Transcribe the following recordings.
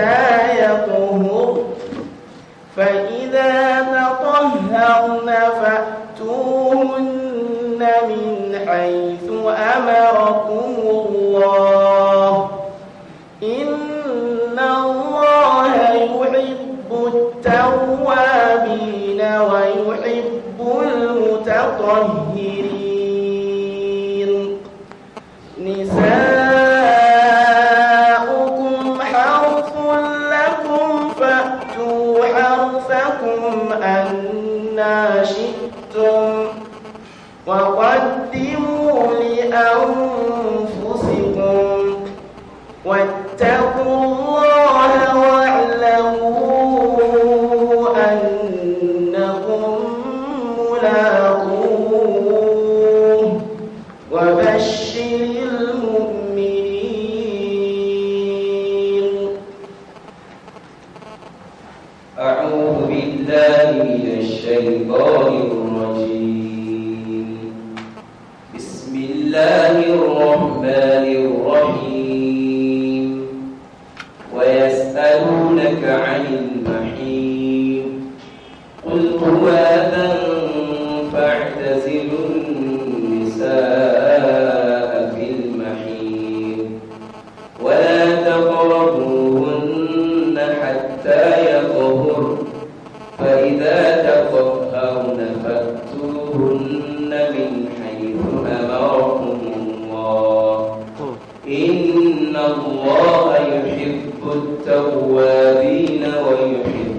حتى التوابين ويحب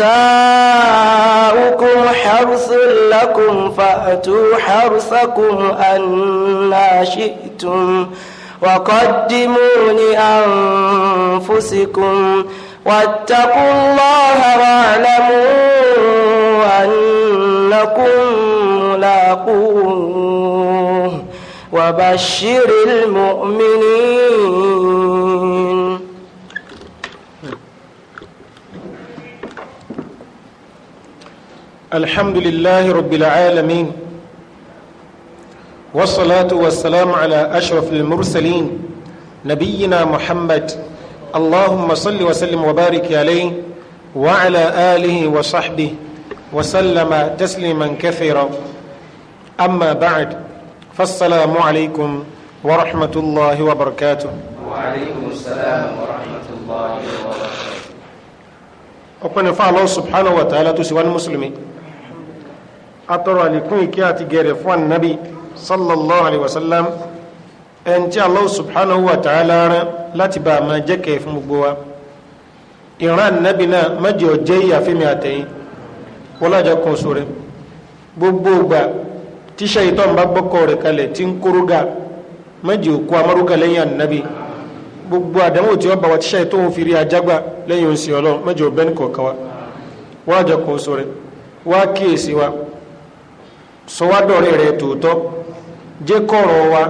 نساؤكم حرث لكم فأتوا حرثكم أنا شئتم وقدموا لأنفسكم واتقوا الله واعلموا أنكم ملاقوه وبشر المؤمنين الحمد لله رب العالمين والصلاة والسلام على أشرف المرسلين نبينا محمد اللهم صل وسلم وبارك عليه وعلى آله وصحبه وسلم تسليما كثيرا أما بعد فالسلام عليكم ورحمة الله وبركاته وعليكم السلام ورحمة الله وبركاته أقول الله سبحانه وتعالى تسوى المسلمين atọrọ àlékún ìkẹ́ àti gẹ̀rẹ̀ fún ànábì sallallahu alayhi wa sallam ẹn tí Allah subhanahu wa ta'ala rán láti bá a máa jẹ́ kẹ́ fún gbogbo wa ìran ànábì náà mẹ́jọ jẹ́ ìyàfẹ́mi àtẹ̀yìn wọ́lájà kan oṣù rẹ̀ gbogbo ògbà tíṣẹ́ ìtọ́ ń bá gbọ́kọ̀ rẹ̀ kalẹ̀ tí ń kóróga mẹ́jọ òkú amárúkà lẹ́yìn ànábì gbogbo àdánwò tí wọ́n bá wa tíṣẹ́ ìtọ́ òun fi rí ajágbá lẹ́yìn oṣù ọlọ́run mẹ́jọ ọ̀bẹ́ni kọ̀ọ̀kan wa wọ́lájà kan oṣù rẹ̀ wá kíyèsí wa. Wa sọwádọ̀rẹ́ rẹ̀ tòótọ́ jẹ́ kọ̀rọ̀ wa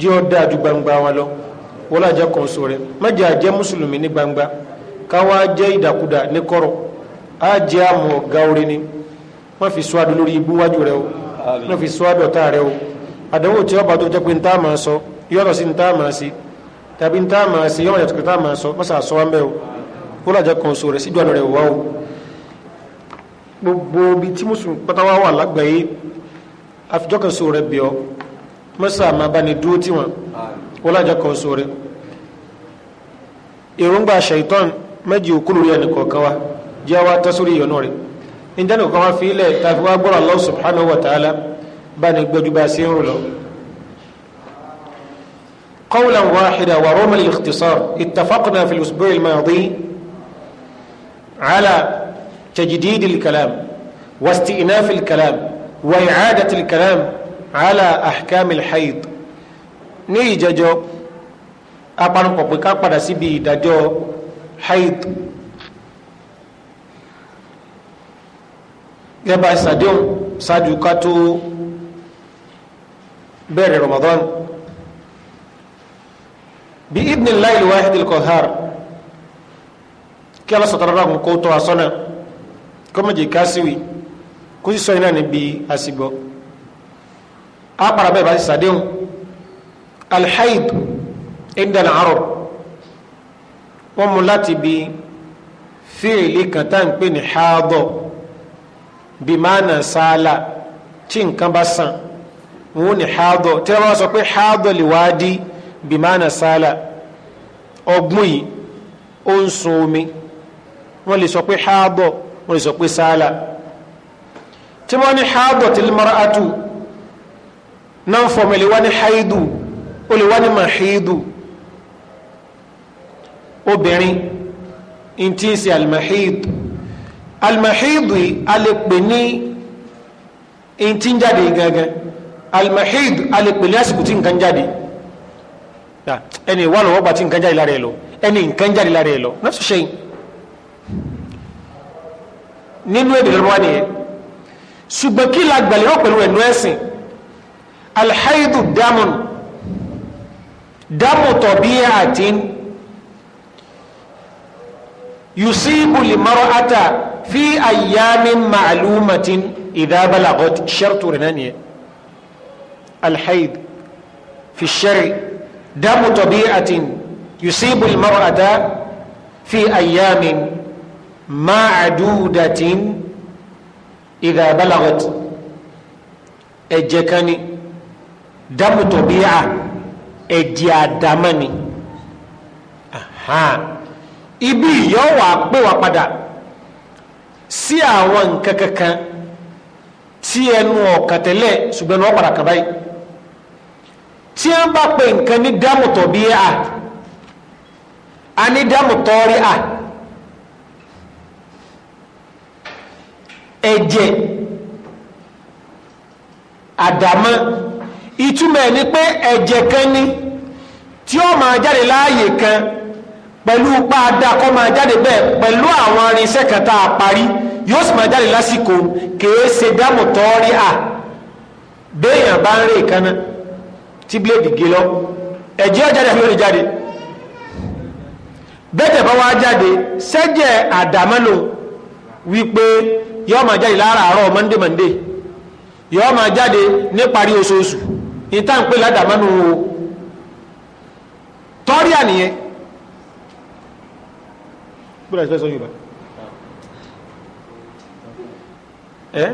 jẹ́ ọ ju gbangba wa lọ wọ́n lájẹ́ kan so rẹ̀ mẹ́jẹ̀ àjẹ́ mùsùlùmí ní gbangba káwá jẹ́ ìdàkudà ní kọ̀rọ̀ á jẹ́ àmọ̀ ọ̀gá orí ni wọ́n fi sọ́adọ̀ lórí ibú wájú rẹ̀ o wọ́n fi sọ́adọ̀ tá rẹ̀ o àdánwò tí ọba tó jẹ́ pé ntá máa sọ yọ̀rọ̀ sí ntá máa sí tàbí ntá máa sí yọ̀rọ̀ yàtọ̀ tá máa sọ mọ́sà sọ wá mẹ́ o wọ́n lájẹ́ kan so rẹ̀ síjú àná rẹ̀ wá o gbogbo ibi tí mùsùlùmí pátáwá wà lágbàáyé àfijọ́ kan sóore bí ọ mọ́sà máa bá ní dúró tí wọn wọ́n lájọ kan sóore èròǹgbà ṣàìtọ́n méjì òkú lórí ẹnì kọ̀ọ̀kan wa jẹ́ wa tọ́ sórí ìyọ̀nù rẹ̀ níjẹ́ nìkan wá fi ilẹ̀ tàbí wá gbọ́rọ̀ Allah subhanahu wa ta'ala bá ní gbẹ́jú bá sí ń rò lọ. قولا واحدا ورغم الاختصار اتفقنا في الأسبوع الماضي على تجديد الكلام واستئناف الكلام وإعادة الكلام على أحكام الحيض ní ìjẹjọ apanupọ̀ pé ká padà síbi ìdájọ́ haid gẹ́bà ìsàdéhùn ṣáájú ká tó bẹ̀rẹ̀ Ramadan bí idnillahi al-wahid al-qahhar kí alásọ̀tàrà rákùn kó tó asọ́nà kọ́mọ̀jì kásíwì kó sì sọ iná níbi àsìgbọ́ ápàràbẹ́ ìbáṣẹ́ sàdéhùn alhaid indal arab wọ́n mú láti bi fíìlì kan tá à ń pè ní haadọ̀ bí máa nà sáálà tí nǹkan bá sàn wọn ní haadọ̀ tí wọ́n sọ pé haadọ̀ lè wá dí bí máa nà sáálà ọgbọ́n yìí ó ń sun omi wọ́n lè sọ pé haadọ̀ wọ́n lè sọ pé sáálà tí wọ́n ní haadọ̀ tí mar'atu náà fọ̀mọ̀ lè wá ní haidu ó lè wá ní mahidu obìnrin in ti ń ṣe almahidu almahidu a lè pè ní in ti ń jáde gangan almahidu a lè pè ní àsìkò tí nǹkan jáde ẹni ìwà lọ́wọ́ gbà tí nǹkan jáde lára ẹ̀ lọ ẹni nǹkan jáde lára ẹ̀ lọ náà sọ ṣe nínú èdè lọ́wọ́ nìyẹn ṣùgbọ́n kí la gbàlẹ́ pẹ̀lú ẹ̀nu ẹ̀sìn alhaidu damun damu tọ̀bíyà àti yusibu limar'ata fi ayyamin ma'lumatin idha balagat shartu rẹ̀ náà nìyẹn الحيض في الشرع دم طبيعة يصيب المرأة في أيام máàdúdàtín ìdàbálàgọt ẹ̀jẹ̀ kan ni dámùtọ̀bíà ẹ̀jẹ̀ àdámọ́ni ibi yóò wà pé wà padà sí àwọn nǹkan kankan tí ẹnu ọ̀kàn tẹ́lẹ̀ ṣùgbọ́n wọ́n padà kàn báyìí tí wọ́n bá pe nǹkan ní dámùtọ̀bíà a ní dámùtọ́rí a. ẹ̀jẹ̀ àdámọ́ ìtumọ̀ ni pé ẹ̀jẹ̀ kan ni tí ó máa jáde láàyè kan pẹ̀lú pàdà kọ́ máa jáde bẹ́ẹ̀ pẹ̀lú àwọn irinṣẹ́ kan tá a parí yóò sì máa jáde lásìkò kìí ṣe dámù tọ́ọ́rí à béèyàn bá ń rí ìkaná tí bíléèdì gé lọ ẹ̀jẹ̀ ó jáde àbí ó lè jáde bẹ́tẹ̀ bá wá jáde sẹ́jẹ̀ àdámọ́ lò wípé yóò máa jáde láàárọ̀ monday monday yóò máa jáde níparí oṣooṣù ìta ń pè ládàmánu o tọ́rí àníyẹn gbọ́dọ̀ ìfẹ́ sọ yorùbá ẹ́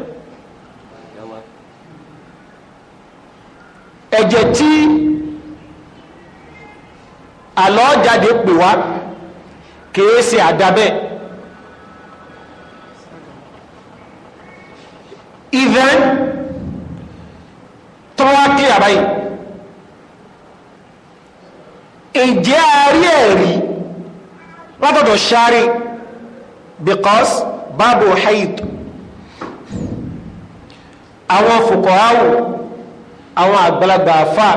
ẹ̀jẹ̀ tí àlọ́ jáde pè wá kìí ṣe àdábẹ́ ìdán tọ́wá kí àbáyé ìjẹ́ àárí ẹ̀rí látọ̀dọ̀ sáré because báàbò haid àwọn fòkòháwò àwọn àgbàlagbà àfà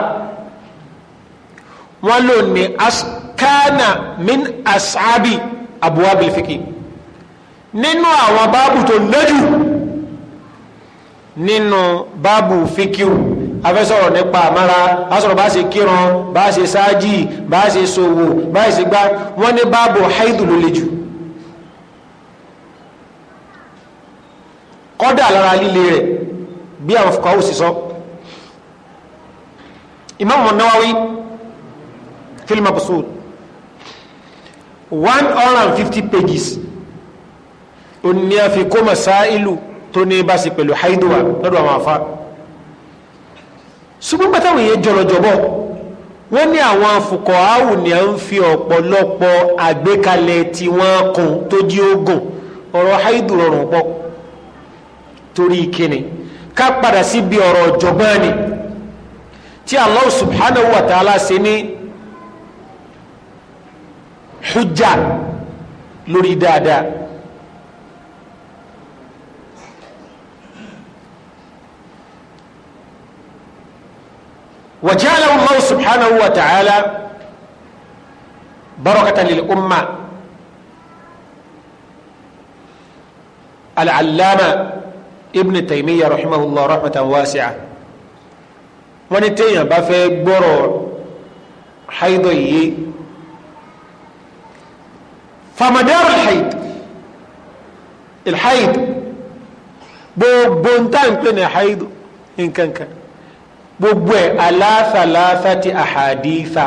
wọ́n lò ní askana min asabi abuwa bilfiki nínú àwọn báàbù tó lójú nínú báàbù fíkíù afẹ́sọ̀rọ̀ nípa àmára asọ̀rọ̀ bá ṣe kírun bá ṣe sáájì bá ṣe ṣòwò bá ṣe gbá wọ́n ní báàbù haidu ló le jù kọ́dà lára líle rẹ̀ bí àwọn fukọ́wù sì sọ Imam Nawawi fil Mabsut one hundred and fifty pages òní àfikún masailu tó ní bá sí pẹ̀lú haiduwa lọ́dọ̀ àwọn afá ṣùgbọ́n pátáwọn èèyàn jọlọjọbọ wọ́n ní àwọn afukọ̀ áwù ni à ń fi ọ̀pọ̀lọpọ̀ àgbékalẹ̀ tí wọ́n kùn tó jí ogun ọ̀rọ̀ haidu rọrùn pọ̀ torí kíni ká padà sí bí ọ̀rọ̀ ọ̀jọ̀gbọ́n ni tí Allah subhanahu wa ta'ala ṣe ní hujja lórí dáadáa وجعله الله سبحانه وتعالى بركة للأمة العلامة ابن تيمية رحمه الله رحمة واسعة ونتيجة بفي برو حيضي فمدار الحيض الحيض بو بونتان كنا حيض إن كان كان gbogbo ẹ̀ aláfàláfàtì àhàdífà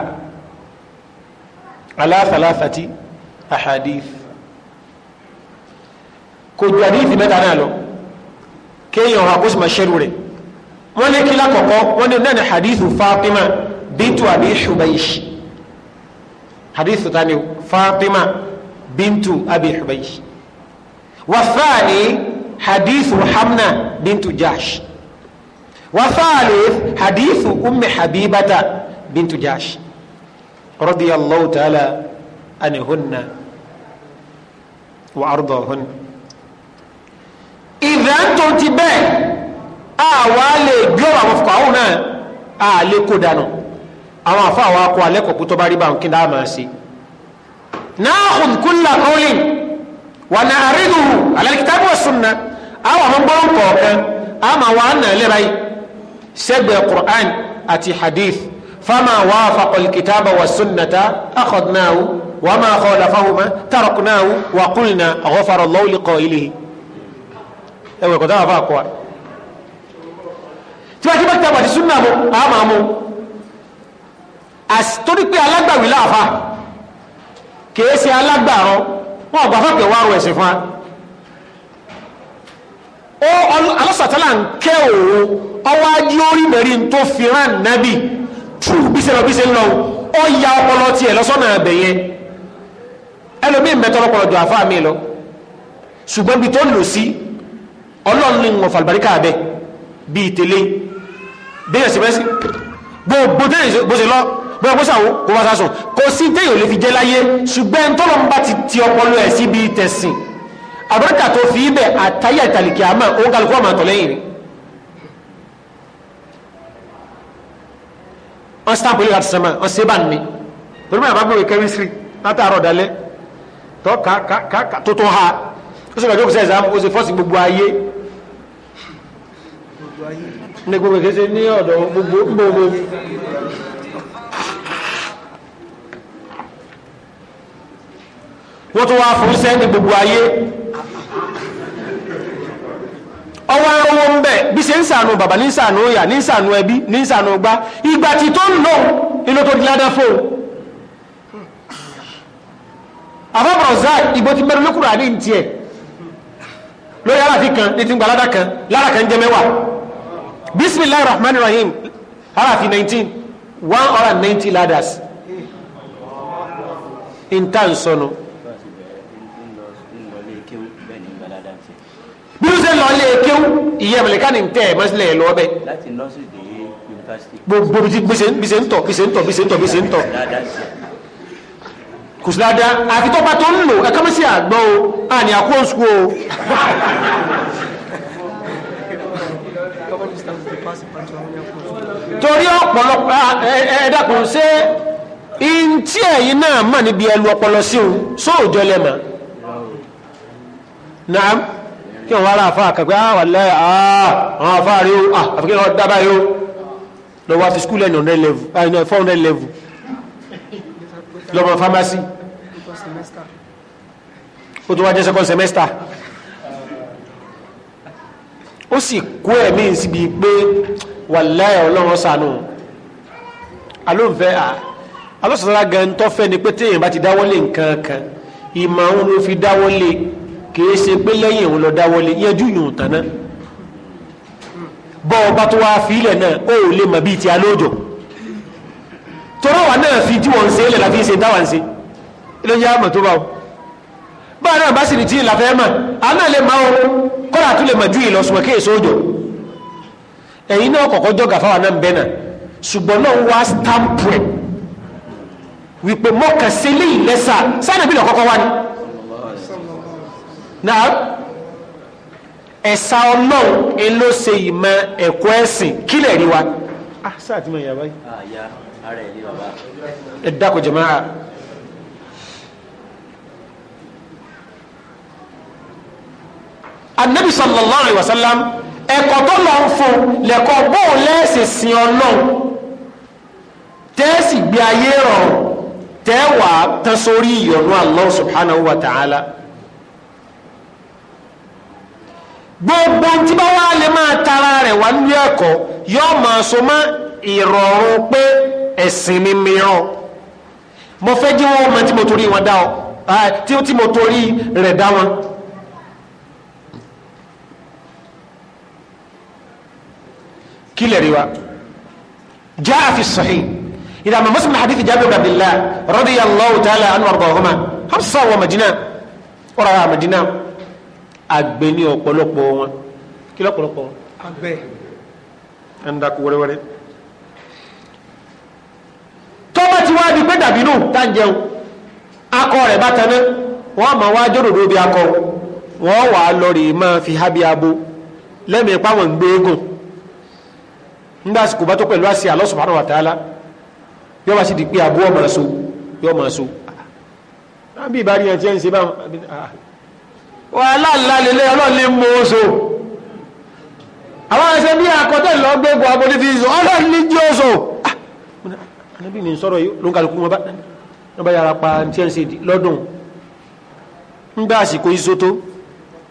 aláfàláfàtì àhàdífà kò ju àdífì mẹ́ta náà lọ kéèyàn ọ̀hà kó sì máa ṣẹ́rù rẹ̀ wọ́n ní kílá kọ̀kọ́ wọ́n ní náà ní hadithu Fatima bintu Abi Hubaysh hadithu tani Fatima bintu Abi Hubaysh wa thani hadithu Hamna bintu Jahsh وثالث حديث أم حبيبة بنت جاش رضي الله تعالى عنهن وأرضاهن إذا أنتم تبين àwálè gbọ́rọ̀ àwọn fòkà àwọn náà àlè kó dànù àwọn àfọ àwọn akọ alẹ́kọ̀ọ́ kó tó bá rí bá òun kí dáa máa ṣe. na'khudh kulla qawlin wa na'riduhu ala al-kitabi wa sunnah àwọn àwọn gbọ́rọ̀ kọ̀ọ̀kan àmọ́ àwọn àna ẹlẹ́ra yìí sẹ́gbẹ̀ Qur'an àti hadith fama wafaqa al-kitaba wa sunnata akhadnahu wa ma khalafahuma taraknahu wa qulna ghafara Allahu li qa'ilihi ẹwẹ̀ kọ̀tà wà fà kọ́ wa tí wọ́n ti bá ti tàbàtì súnà mu àmà mu torí pé alágbàwí láàfa kìí ṣe alágbàrọ wọn ọgbà fàkẹ wà rọ ẹsẹ fún wa ó alásàtàlà ń kẹ́ òun ọwọ́ ají orí bẹ̀rí tó fi rán nábì tù bí lọ ó ya ọpọlọ tiẹ̀ lọ́sọ́nà ẹ̀bẹ̀ yẹn ẹlòmíì mẹ́tọ́ lọ́pọlọ jù àfáà mi lọ ṣùgbọ́n bí tó lò sí ọlọ́run ní wọn fàlùbáríkà bẹ bí ìtẹ̀lé bẹ́ẹ̀ sí bẹ́ẹ̀ sí gbogbo tẹ́yìn bó ṣe lọ bóyá bó ṣàwó kó wá sásùn kò sí tẹ́yìn ò lè fi jẹ́ láyé ṣùgbọ́n tó lọ́n bá ti ti ọpọlọ ẹ̀ sí bí tẹ̀sìn àbúrẹ́kà tó fi ibẹ̀ àtàyà ìtàlìkì àmà òun kálukú àmà àtọ̀lẹ́yìn rẹ̀ wọ́n stamp olè láti sẹ́mà wọ́n sèbà ní torí mẹ́rin àbábọ̀ kẹ́mísírì látàárọ̀ dalẹ́ tọ́ ká ká ká tó tó ha ó sì rẹ̀ jókòó sẹ́ ẹ̀sán ó sì fọ́ọ̀sì gbogbo ayé ní gbogbo kése ní ọ̀dọ̀ gbogbo gbogbo. wọ́n tún wá fún sẹ́ gbogbo ayé ọwọ́ ẹwọ́ ń bẹ̀ bí ṣe ń sànú bàbá ní sànú ìyà ní sànú ẹbí ní sànú gbá ìgbà tí tó ń lò inú tó diládá fóun àfọ́bọ̀rọ̀ zai ìgbó ti mẹ́rin lókùnrin àdé ti ẹ̀ lórí aláàfin kan ní ti ń gba aládá kan lára kan jẹ mẹ́wàá bismillahir rahmanir rahim aláàfin 19 190 ladders in tan sọnù bí ó ṣe lọ ilé kéwú ìyẹn mẹlẹka ni tẹ ẹ mọsílẹ ẹ lọ bẹ. láti nọ́ọ̀sì dé yunifásitì. gbogbo bí ṣe ń tọ̀ bí ṣe ń tọ̀ bí ṣe ń tọ̀ bí ṣe ń tọ̀ kùsùládá àti tó ń lò ẹ̀kọ́ mẹ́sí àgbọ́ o a ní àkó òsùkú o torí ọ̀pọ̀lọpọ̀ ẹ̀ẹ́dàkùn ṣe in tí ẹ̀yìn náà mà níbi ẹlú ọpọlọ sí òun sóòjọ́ lẹ́mà náà kí wọ́n wára àfáà kàgbé àwàlẹ́ ah, ah, àwọn àfáà rí ó ah, àfikẹ́ lọ dábà yó lọ wá fi skúlẹ̀ ní four hundred level lọ́mọ pharmacy ó tó wá jẹ́ second semester ó sì kó ẹ̀mí síbi pé wàlẹ́ ọlọ́run sànù alóǹfẹ́ alọ́sọ̀tara gan tó fẹ́ ni pé téèyàn bá ti dáwọ́lé nǹkan kan ìmọ̀ òun ló fi dáwọ́lé kìí ṣe pé lẹ́yìn òun lọ dáwọlé yẹjú yòó tàná bọ́ ọba tó wá fi ilẹ̀ náà ó lè mọ̀ bíi ti alóòjọ́ tọ́rọ wa náà fi tí wọ́n ń ṣe é lẹ̀ láfi ń ṣe táwa ń ṣe ilé yá mọ̀ tó bá o bá náà bá sì ní tí ì làfẹ́ mọ̀ a náà lè máa o kọ́ra tó lè mọ̀ ju ìlọsùnmọ̀ kí èso òjò ẹ̀yin náà kọ̀kọ́ jọ gàfáwa náà ń bẹ́ náà ṣùgbọ́n náà wá stamp wípé mọ́kànṣẹ́lẹ̀ ìlẹ́sà sáà nàbí lọ́kọ́kọ́ wá ni náà ẹ̀sà ọlọ́run ń ló ṣe ìmọ̀ ẹ̀kọ́ ẹ̀sìn kílẹ̀ rí wa sáà tí mo yà báyìí. Ah, ẹ dákun jàmáà. anabi sallallahu alayhi wa sallam ẹ̀kọ́ tó lọ ń fún lẹ́kọ́ bóun lẹ́sìn sin ọlọ́run tẹ́sì gbé ayé rọrùn tẹ́wàá tán sórí ìyọ̀nù Allah subhanahu wa ta'ala. gbogbo tí bá wá lè máa tara rẹ̀ wá nílé ẹ̀kọ́ yóò máa so mọ́ ìrọ̀rùn pé ẹ̀sìn mi mìíràn mo fẹ́ jí wọ́n mọ tí mo torí wọn dá ọ tí mo torí rẹ̀ dá wọn. kí lè rí wa jaa fi sahih إذا ما مسلم حديث جابر بن عبد الله رضي الله تعالى عنه وأرضاهما حمصة ومدينة وراء مدينة àgbẹ̀ ní ọ̀pọ̀lọpọ̀ wọn kí lọ́pọ̀lọpọ̀ wọn. àgbẹ̀. ẹ̀ ń dákú wẹ́rẹ́wẹ́rẹ́. tọ́ba ti wá di pé dàbí nù tá ń jẹun akọ rẹ̀ bá taná wọ́n máa wá jódòdó bí akọ wọ́n wà á lọ rè máa fi há bí abo lẹ́mìí pa wọ́n ń gbé eégún nígbà àsìkò bá tó pẹ̀lú àṣẹ Allah subhanahu wa bá sì di pé abo ọ̀ so yóò máa so. bí ìbáraẹni ẹ̀ ti ẹ̀ ń ṣe báwọn wàhálà ńlá lélẹ̀ ọlọ́run ní mọ́ọ́sọ àwọn ẹsẹ̀ bí akọ́tẹ́ lọ gbẹ́gbọ́ abọ́dé fi sọ ọlọ́run ní jí oṣù anábì ah! ní sọ̀rọ̀ yìí ló ń kàlùkù wọn bá wọn bá yára pa tí ẹ̀ ń ṣe lọ́dún ń gbá àsìkò iṣó tó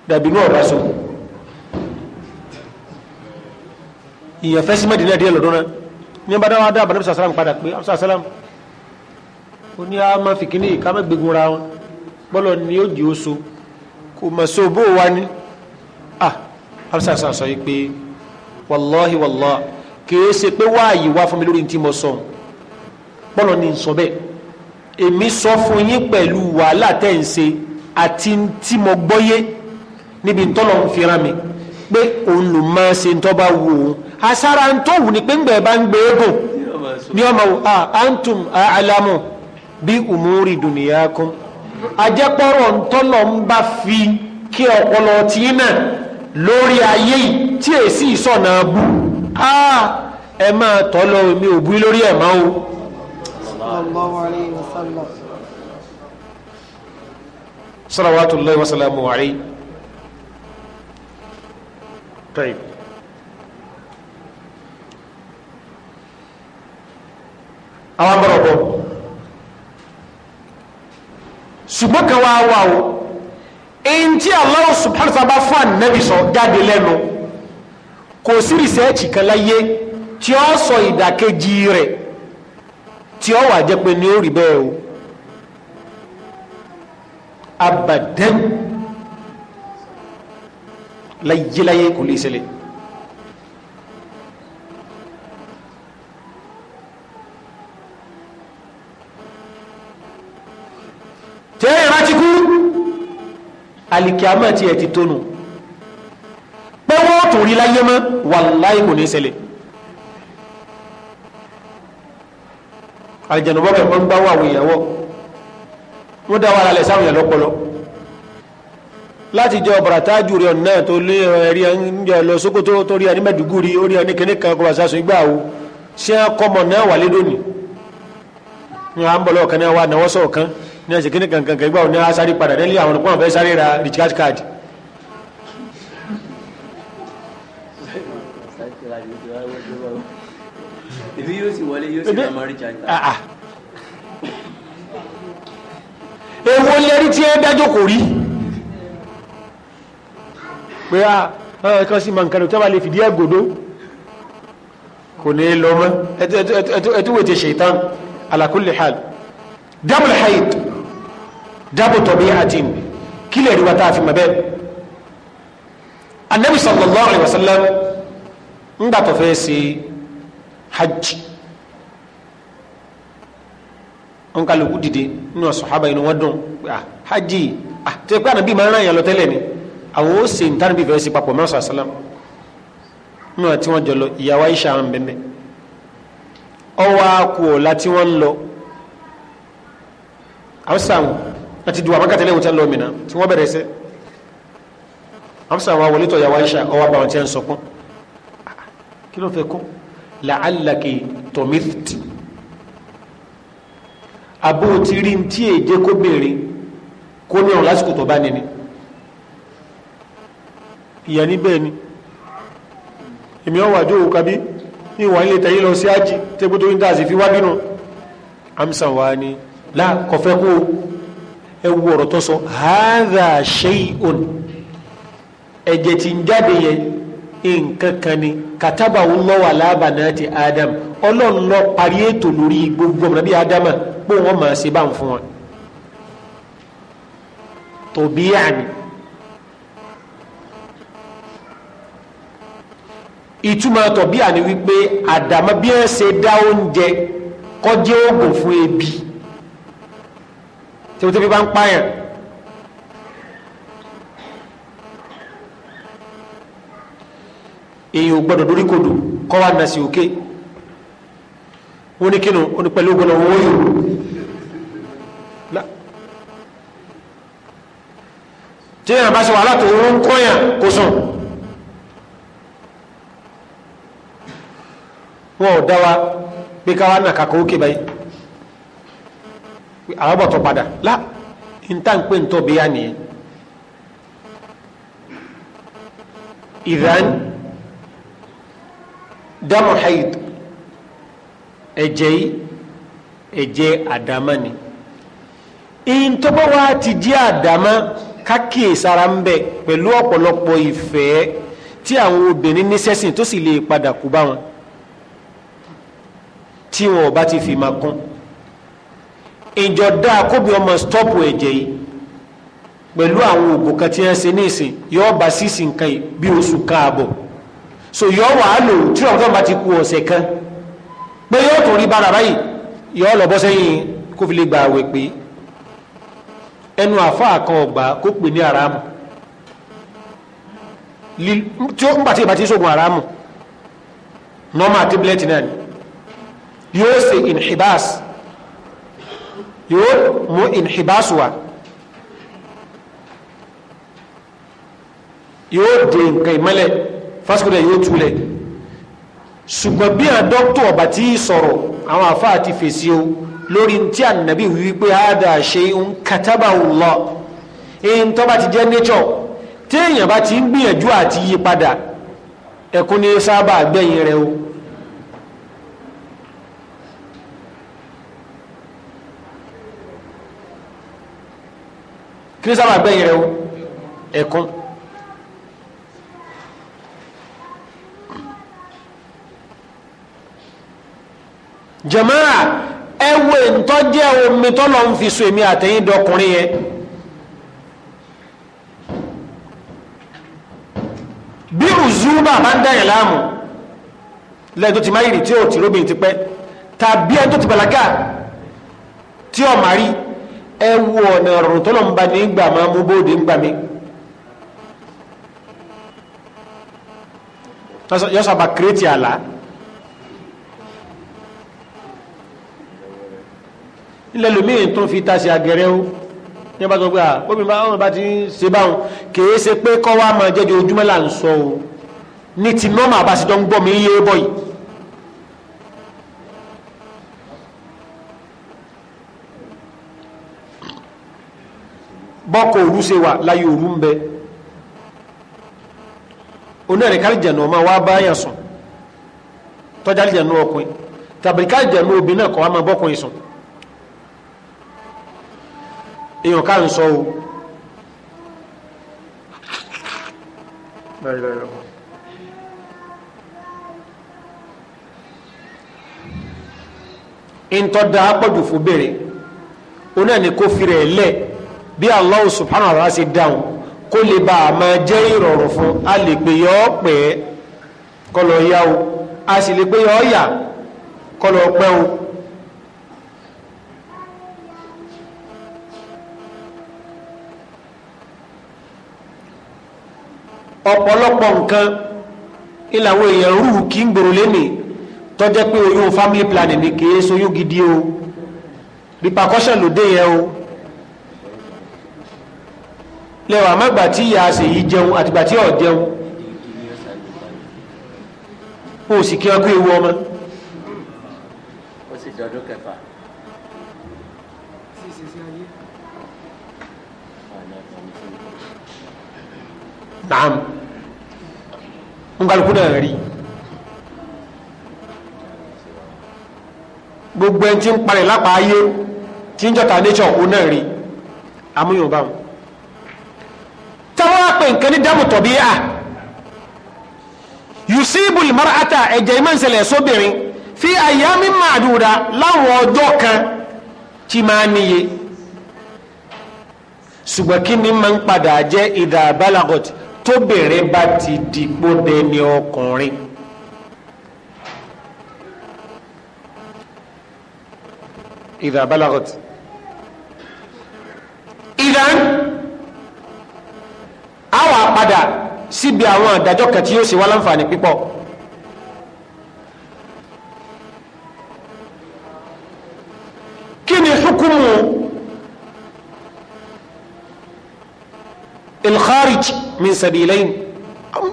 dàbí inú ọ̀bá so ìyẹn fẹ́ sí mẹ́dínlẹ́ díẹ̀ lọ́dún náà ní bá dáwọ́ dábàá níbi sàlám padà pé sàlám ó ní a máa fi kíní ìka ra wọn bọ́lọ̀ ni ó di oṣù kò mọ̀ so bó wa ni ah abisasa sọ yìí pé wàláhi wàláhi kìí ṣe pé wáàyè wá fún mi lórí tí mo sọ bọ́lọ̀ ni n sọ bẹ́ẹ̀ èmi sọ fún yín pẹ̀lú wàhálà tẹ̀ ń ṣe àti tí mo gbọ́yé níbi ntọ́lọ̀ ń fira mi pé òun ló máa ṣe ntọ́ bá wù òun asara ntọ́ wù ni pé ń gbẹ̀ bá ń gbé e gùn ní ọmọ wò ah antum alamu bí umuri dùnìyà kún ajẹ́pọ̀rọ̀ ntọ́lọ̀ ń bá fi kí ọpọlọ tí náà lórí ayé yìí tí èsì ìsọ̀nà bú a ẹ máa tọ́ lọ mi ò bú lórí ẹ̀ o. salawatullahi wa salamu alayhi tayyib àwọn bọ̀rọ̀ ṣùgbọ́n kan wá wà o èyí tí Allah subhanahu wa ta'ala bá fún ànábì sọ jáde lẹ́nu kò sí rìsẹ́ẹ̀tì kan láyé tí ó sọ ìdàkejì rẹ̀ tí ó wà jẹ́ ní ó bẹ́ẹ̀ o abadan láyé láyé kò lè ṣẹlẹ̀ tẹ́ ẹ̀ rántí kú alìkíámà tiẹ̀ ti tónu pé wọ́n tún rí láyé mọ́ wàláì kò ní ṣẹlẹ̀ àjẹnubọ́ bẹ̀ mọ́ ń gbá wàwọ̀ ìyàwó wọ́n dá wàhálà lẹ̀ sáwọn èèyàn lọ́pọlọ láti jẹ ọbàrà tájú rẹ ọ̀nà tó lé ẹ̀rí ẹ̀ lọ sókótó tó rí ẹni mẹ́dùgúrí orí ẹni kìíní kan kọlọ̀ sásùn ìgbà wo ṣé ẹ kọmọ náà wà lédòní ní à ń bọ̀ lọ́ọ̀kan náà wà náwọ́sọ̀ kan ní ẹsẹ̀ kíní kankan ìgbà òní asáré padà délé àwọn olùkọ́ ọ̀fẹ́ sáré ra recharge card. èmi yóò sì wọlé yóò sì máa ma recharge card. èwo lẹ́rí tí ẹ dájọ́ kò rí pé a kan sí mankanu tó bá lè fìdí àgòdó kò ní lọ mọ́ ẹtúwètè ṣètàn ala kulli hal dábùlù dábò tọ̀bí àti kílẹ̀ wata annabi sallallahu alaihi wasallam ń gbà tọ̀fẹ́ hajj ń kálukú dìde nínú sàhábà inú wọn dùn hajj tí ó pé ànàbí máa ń ràn yàn lọ ni àwọn ó sì b'i tánàbí fẹ́ sí papọ̀ mẹ́rin sàlám nínú àti wọn àti duwa makatẹ́lẹ̀ wọ́n ti lọ mìíràn tí wọ́n bẹ̀rẹ̀ sí amsa wa wọlé tọ̀ yàwá Aisha ọwọ́ bá wọn ti ń sọkún kí ló fẹ́ kún làálàkì tọ̀mìtì àbó ti rí tí èjé kó bèèrè kó ní ọ̀rọ̀ lásìkò tó bá ní ni ìyà ní bẹ́ẹ̀ ni èmi ọwà jó òkà bí ní ìwà ilé tẹ̀yìn lọ sí ájì tẹ́gbótó ń dáàsì fi wá bínú amsan ni láà kọfẹ́ kó o ẹ wo ọ̀rọ̀ tó sọ hadha shay'un ẹ̀jẹ̀ tí ń jáde yẹn nǹkan kan ni kataba Allahu ala banati adam ọlọ́run lọ parí ètò lórí gbogbo ọmọ nàbí adama pé wọ́n máa ṣe bá ń fún wọn. tòbí àmì ìtumọ̀ tòbí àmì wípé àdàmọ́ bí wọ́n ṣe dá oúnjẹ kọjá oògùn fún ebi tí o ti fi bá ń pààyàn. èyí ò gbọ́dọ̀ dorí kodò kọ́ wa nàṣì òkè wọ́n ní kínú wọ́n ní pẹ̀lú ògbọ́dọ̀ owó yòó. tí èèyàn bá ṣe wàhálà tó ń kọ́yàn kó sùn. wọn ò dá wa pé ká nà kàkọ́ òkè báyìí àwọn bọ̀tọ̀ padà lá níta ń pè ń tọ́ bíyà nìyẹn. ìdán dámọ̀ haid ẹ̀jẹ̀ yìí ẹ̀jẹ̀ àdámá ni ìntọ́bọ̀ wa ti jẹ́ àdámá kákìsára ń bẹ pẹ̀lú ọ̀pọ̀lọpọ̀ ìfẹ́ tí àwọn obìnrin ní tó sì lè padà kú bá wọn tí wọn ò bá ti fi máa kún ìjọdá kóbi ọmọ stọ́pù ẹ̀jẹ̀ yìí pẹ̀lú àwọn ògùn kan tí wọ́n ṣe ní ìsìn yọ́ bá sísì nǹkan bí oṣù káàbọ̀ so yọ́ wàá lò tí ọ̀gá bá ti ku ọ̀sẹ̀ kan pé yóò tó rí bára báyìí yọ́ lọ bọ́ sẹ́yìn kó fi lè gba àwẹ̀ pé ẹnu àfáà kan ọgbà kó pè ní àràmù tí ó ń bàtí ìbàtí sógun àràmù normal tablet náà ni yóò ṣe inhibas yóò mu ìnìbáṣù wa yóò dè nǹkan ìmọ́lẹ̀ fásitì rẹ̀ yóò túlẹ̀ ṣùgbọ́n bí àwọn dókítà ọba tí sọ̀rọ̀ àwọn àfa àti fèsì o lórí tí ànàbí wípé àdà ṣe ń kataba Allah èyí tó bá ti jẹ́ nature téèyàn bá ti ń gbìyànjú àti yí padà ẹ̀kún saba sábà o. kí ló sábà gbẹ̀yìn rẹ o ẹ̀kún. jàmáà ẹwẹ́ ntọ́jẹ́ omi tọ́lọ̀ ń fi so èmi àtẹ̀yìn dọkùnrin yẹn. bí ùzúbà máa ń dáyẹ̀ láàmú lẹ́yìn tó ti máa yìrì tí ò tí róbìn ti pẹ́ tàbí ẹni tó ti bàlágà tí ọ̀ máa ẹ wo ọ̀nà ọ̀rùn tó lọ́nba ní gbà máa mú bóde ń gbà mí. yọ́sọ̀ bá kírètì àlá. ilẹ̀ lómiì tó fi ta sí agẹrẹ o ní ọba tó gbé a bómi bá wọn ti ń ṣe báwọn kìí ṣe pé kọ́ wa máa jẹ́jọ́ ojúmọ́ ń sọ o ní ti nọ́ọ̀mù àbáṣejọ́ ń gbọ́ mi yé bọ́ bọ́kọ̀ òru ṣe wà láyé òru ń bẹ onírẹ̀ kálíjànú ọmọ wa bá yàn sùn tọ́jà lìjànú ọkùnrin tàbí kálíjànú obìnrin náà kọ́ wa máa bọ́kùnrin sùn èèyàn ká ń sọ o ìntọ́da pọ̀jù fún bèrè onáà ni kò fi rẹ̀ lẹ́ẹ̀ bí Allah subhanahu wa ta'ala ṣe dáhùn kó lè bá a máa jẹ́ ìrọ̀rùn fún a lè pè yọ ọ́ pẹ́ kọlọ̀ ya o a sì lè pè yọ ọ́ yà kọlọ̀ pẹ́ o. ọ̀pọ̀lọpọ̀ nǹkan ìlàwọ̀ èèyàn rúù kí ń gbèrò lénì tọ́jẹ́ pé oyún family planning ni kì í soyún gidi o repercussion ló dé yẹn o lẹ́wọ̀n àmọ́gbà tí ìyá àṣẹ yìí jẹun àtìgbà tí ọ̀ jẹun ó sì kí wọn kú ewu ọmọ. ó sì jọ ọdún kẹfà. náà rí gbogbo ẹni tí ń parẹ́ lápá ayé tí ń jọta nature òun náà rí amúyùnbáwọn táwọn àpè nǹkan ní dámù tọ̀bí à yusibu mar'ata ẹ̀jẹ̀ ìmọ̀ ìṣẹ̀lẹ̀ sóbìnrin fi ayyamin ma'duda láwọn ọjọ́ kan tí máa níye ṣùgbọ́n kí ni máa ń padà ti dìpọ̀ dẹni ọkùnrin. ìdá balagot. ìdá padà síbi àwọn àdájọ́ kan tí yóò ṣe wá láǹfààní pípọ̀. kí ni hukumu ilkharij min sabilin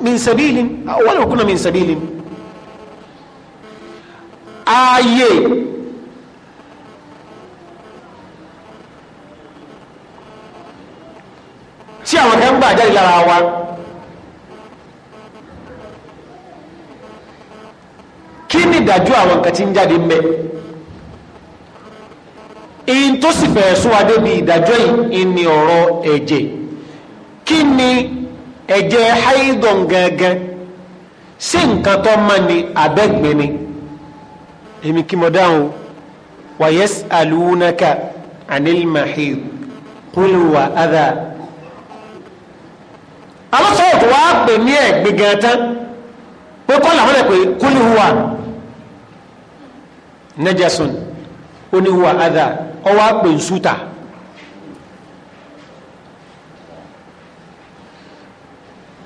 min sabilin wala kuna min sabilin ààyè. sábà jáde lára wa kí ni ìdájọ́ àwọn nǹkan tí ń jáde ń bẹ in tó sì fẹ́ sún wa débi ìdájọ́ yìí ni ọ̀rọ̀ ẹ̀jẹ̀ kí ni ẹ̀jẹ̀ haidon gangan sí nǹkan tó mọ́ ni abẹ́gbẹ́ ni èmi kí mo dáhùn wàyẹ́sì alúnaka anil mahid kúlùwà adá alọ́sọ̀rọ̀ tó wá pè ní ẹ̀gbẹ́ gan tán pé kọ́ làwọn ẹ̀pẹ́ kúlíhùwà najasun oníhùwà adà ọwọ́ pè ń súta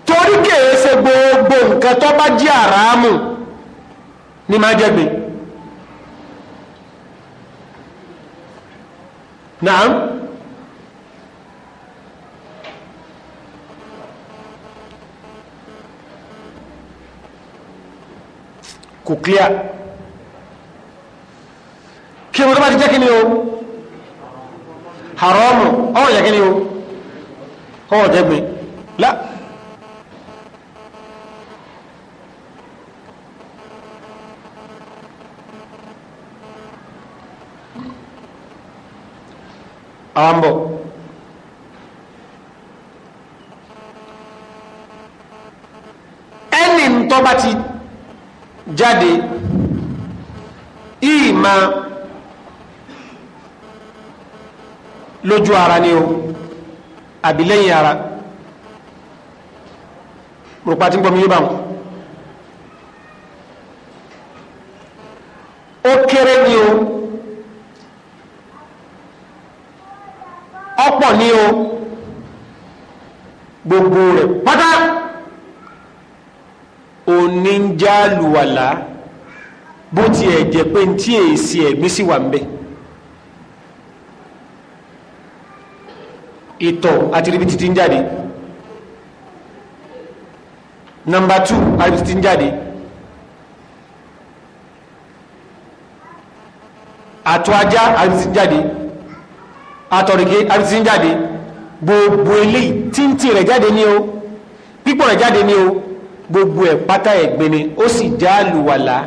torí kèé ṣe gbogbo nǹkan tó bá jí àràámù ní máa jẹ́gbẹ́ kò clear kí ọmọ tó bá ti jẹ́ kí ni o haramu ọwọ́ jẹ́ kí ni o ọwọ́ jẹ́gbin lá àwọnbọ̀ ẹni tó bá ti jáde ìmà lójú ara ni o àbí lẹ́yìn ara mùrùpá tí ń gbọmí yóò bá wọn ó kéré ni o ọ̀pọ̀ ni o gbogbo rẹ̀ pátá já lùwàlá bó tiẹ̀ jẹ́ pé tí èsì ẹ̀gbín sì wà ń bẹ̀. ìtọ̀ àti ibi títí ń jáde nọ́mbà tú àti ibi títí ń jáde àtọ̀ ajá àti ibi títí ń jáde àtọ̀rìkẹ́ àti ibi títí ń jáde gbogbo eléyìí tí ń tì rẹ̀ jáde ní o pípọ̀ rẹ̀ jáde ní o gbogbo ẹ̀ pátá ẹ̀gbin ni ó sì já lùwàlá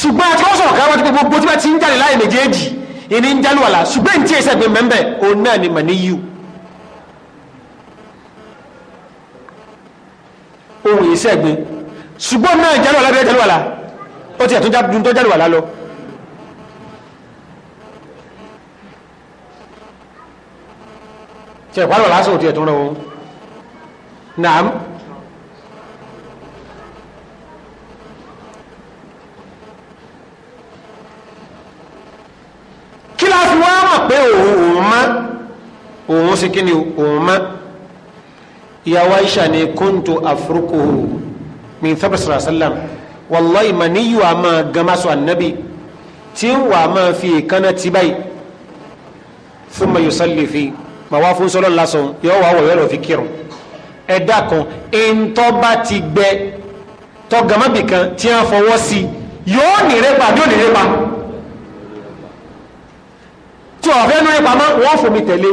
ṣùgbọ́n àti wọ́n sọ̀rọ̀ káwọn ti gbogbo tí wọ́n ti ń jáde láì méjèèjì ìní ń já lùwàlá ṣùgbọ́n ìtí ẹ̀sẹ̀ gbin mẹ́mbẹ́ òun náà ni màníyù ohun ìṣẹ́ gbin ṣùgbọ́n náà já lùwàlá bí já lùwàlá ó ti ẹ̀tún tó já lùwàlá lọ tí ẹ̀kọ́ àlùwàlá sọ̀rọ̀ ti ẹ̀tún rẹ̀ wọn kí la fi wá mọ̀ pé òun òun mọ́ òun sì kí ni òun mọ́ ìyàwó Aisha ni kuntu afrukuhu min thabit sallallahu alaihi wasallam wallahi maniyu a máa gamasu annabi tí ń wà máa fi èékánná tí báyìí thumma yusalli fi màá wá fún sọlọ́ọ̀ lásán yóò wá wọ̀ yóò lọ fi kírun ẹ̀dá kan ẹ̀ńtọ́ba ti gbẹ tọ́gamabìkan tí a fọwọ́ sí yóò nírẹ́pa yóò nírẹ́pa tí ọ̀fẹ́ lórí pamọ́ wọ́n fòmí tẹ̀lé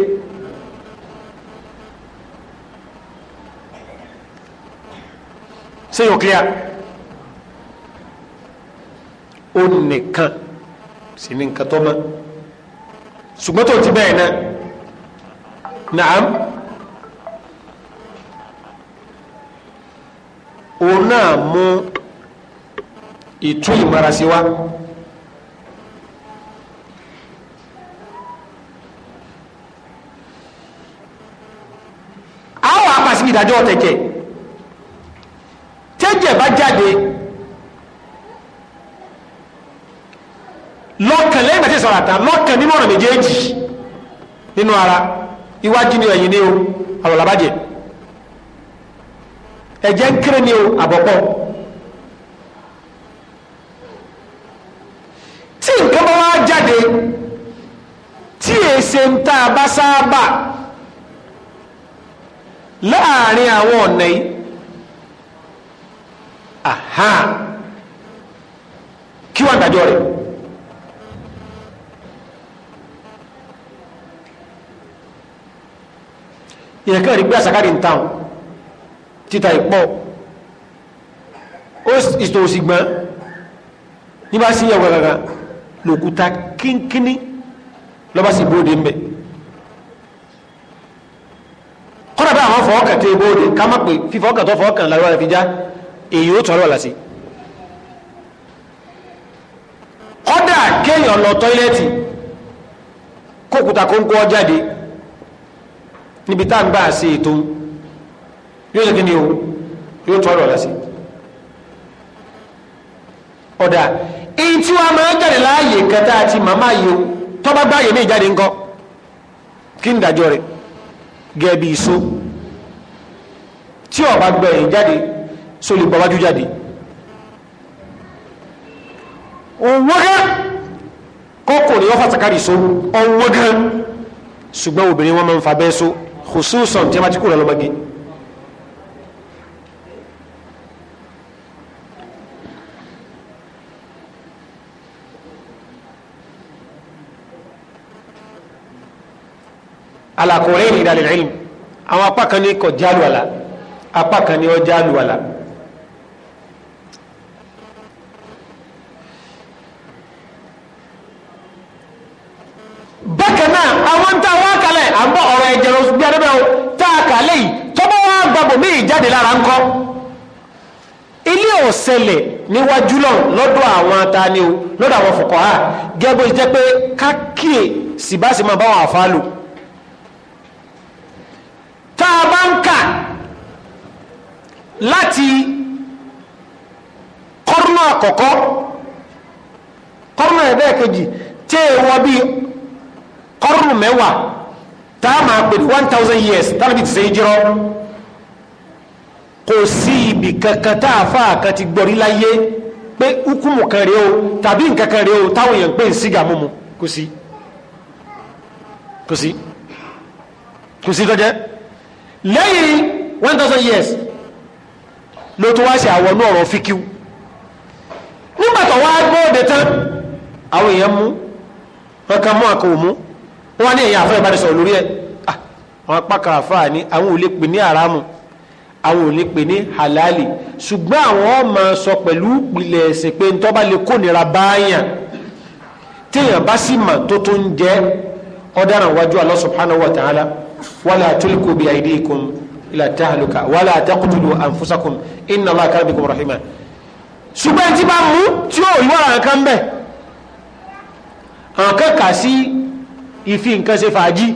ṣé yóò clear ó nìkan sí ní nǹkan tó mọ́ ṣùgbọ́n tó ti bẹ́ẹ̀ náà naam òun náà mú ìtú ìmọ̀ràn wa. ìdájọ́ tẹ̀jẹ̀ tẹ́jẹ̀ bá jáde lọ́kàn lẹ́yìn mẹ́tẹ́ sọ̀rọ̀ àtàn lọ́kàn nínú ọ̀nà méjèèjì nínú ara iwájú ni ẹ̀yìn ni o àwọ̀làbàjẹ́ ẹ̀jẹ̀ ń kéré ni o àbọ̀pọ̀ tí nǹkan bá wá jáde tí èsè ń tá a bá sáábà láàrin àwọn ọ̀nà yìí aha kí wọ́n dájọ́ rẹ̀ ìyẹn kẹrin gbé àsàkárì ń tàn títà ìpọ̀ ó ìtòsí gbọ́n nígbà sí ìyẹ̀wò gàgà lòkúta kínkínní lọ́ba sì bóde ń bẹ̀. kọ́nà bá àwọn fọ́ọ̀kàn tó ebó de ká má pé fífọ́ọ̀kàn tó fọ́ọ̀kàn lára rẹ̀ fi já èyí ó tọrọ àlàsí. kọ́dà kéèyàn lọ tọ́ílẹ́ẹ̀tì kókùtà kó ń kó ọ jáde níbi tá à ń gbà ṣe ètò yóò ṣe kí ni o yóò tọrọ àlàsí. ọ̀dà èyí tí wọ́n máa ń jáde láàyè kẹta àti màmá yìí o tọ́ba gbáyé mi jáde ńkọ́ kí ń dájọ́ rẹ̀ gẹ́bí iṣó tí ọba gbẹ̀yìn jáde só lè gbọ́wájú jáde òwúrẹ́ kọkùnrin ọfà sàkárì iṣó ọwọ́gán ṣùgbọ́n obìnrin wọn máa ń fa bẹ́ẹ̀ só khususan tí a máa ti kúrò lọ́mọge alakore ni ìdálẹ̀ ilm àwọn apá kan ní kò jálù àlà apá kan ní ọ jálù àlà. bákan náà àwọn tá a wá kalẹ̀ à ń bọ̀ ọ̀rọ̀ ẹ̀jẹ̀ lọ bí adébẹ̀ o tá a kalẹ̀ yìí tọ́bọ̀ wá gbàgbọ́ mí ìjáde lára ńkọ́ ilé ọ̀sẹ̀lẹ̀ níwájú lọ lọ́dọ̀ àwọn atani o àwọn fòkọ́ ha gẹ́gbó jẹ́ pé kákìí sì bá bá wọn àfáà lò tá a bá ń kà láti kọ́rùnà àkọ́kọ́ kọ́rùnà ẹ̀dẹ́ẹ̀kejì tí è wọ bí kọ́rùnù mẹ́wàá tá máa pè ní one years tánàbí ti ṣe é jírọ́ kò sí ibì kankan tá a fà kan ti gbọ́rí láyé pé hukumu kan rèé o tàbí nǹkan kan o táwọn èèyàn gbé ń sígà mímu kò sí kò sí kò sí tó lẹ́yìn one thousand years ló tó wá sí àwọnú ọ̀rọ̀ fíkíw nígbàtọ̀ wá gbóòdè tán àwọn èèyàn mú wọn kan mú àkàwò mú wọn ní èèyàn àfẹ́ ìbánisọ̀rọ̀ lórí ẹ̀ ah, àwọn apákan àfáà ní àwọn ò lè pè ní àràmù àwọn ò pè ní halali ṣùgbọ́n àwọn máa sọ pẹ̀lú ìpìlẹ̀ ẹ̀sìn pé tó bá lè kónira báyàn téèyàn bá sì mà tó tó ń jẹ́ ọ̀daràn wájú Allah subhanahu wa ta'ala. ولا تلقوا بأيديكم إلى التهلكة ولا تقتلوا أنفسكم إن الله كان بكم رحيما ṣùgbọ́n tí bá mú tí ó yíwọ́ àwọn kan bẹ̀ àwọn kan kà sí ìfi nǹkan ṣe fàájí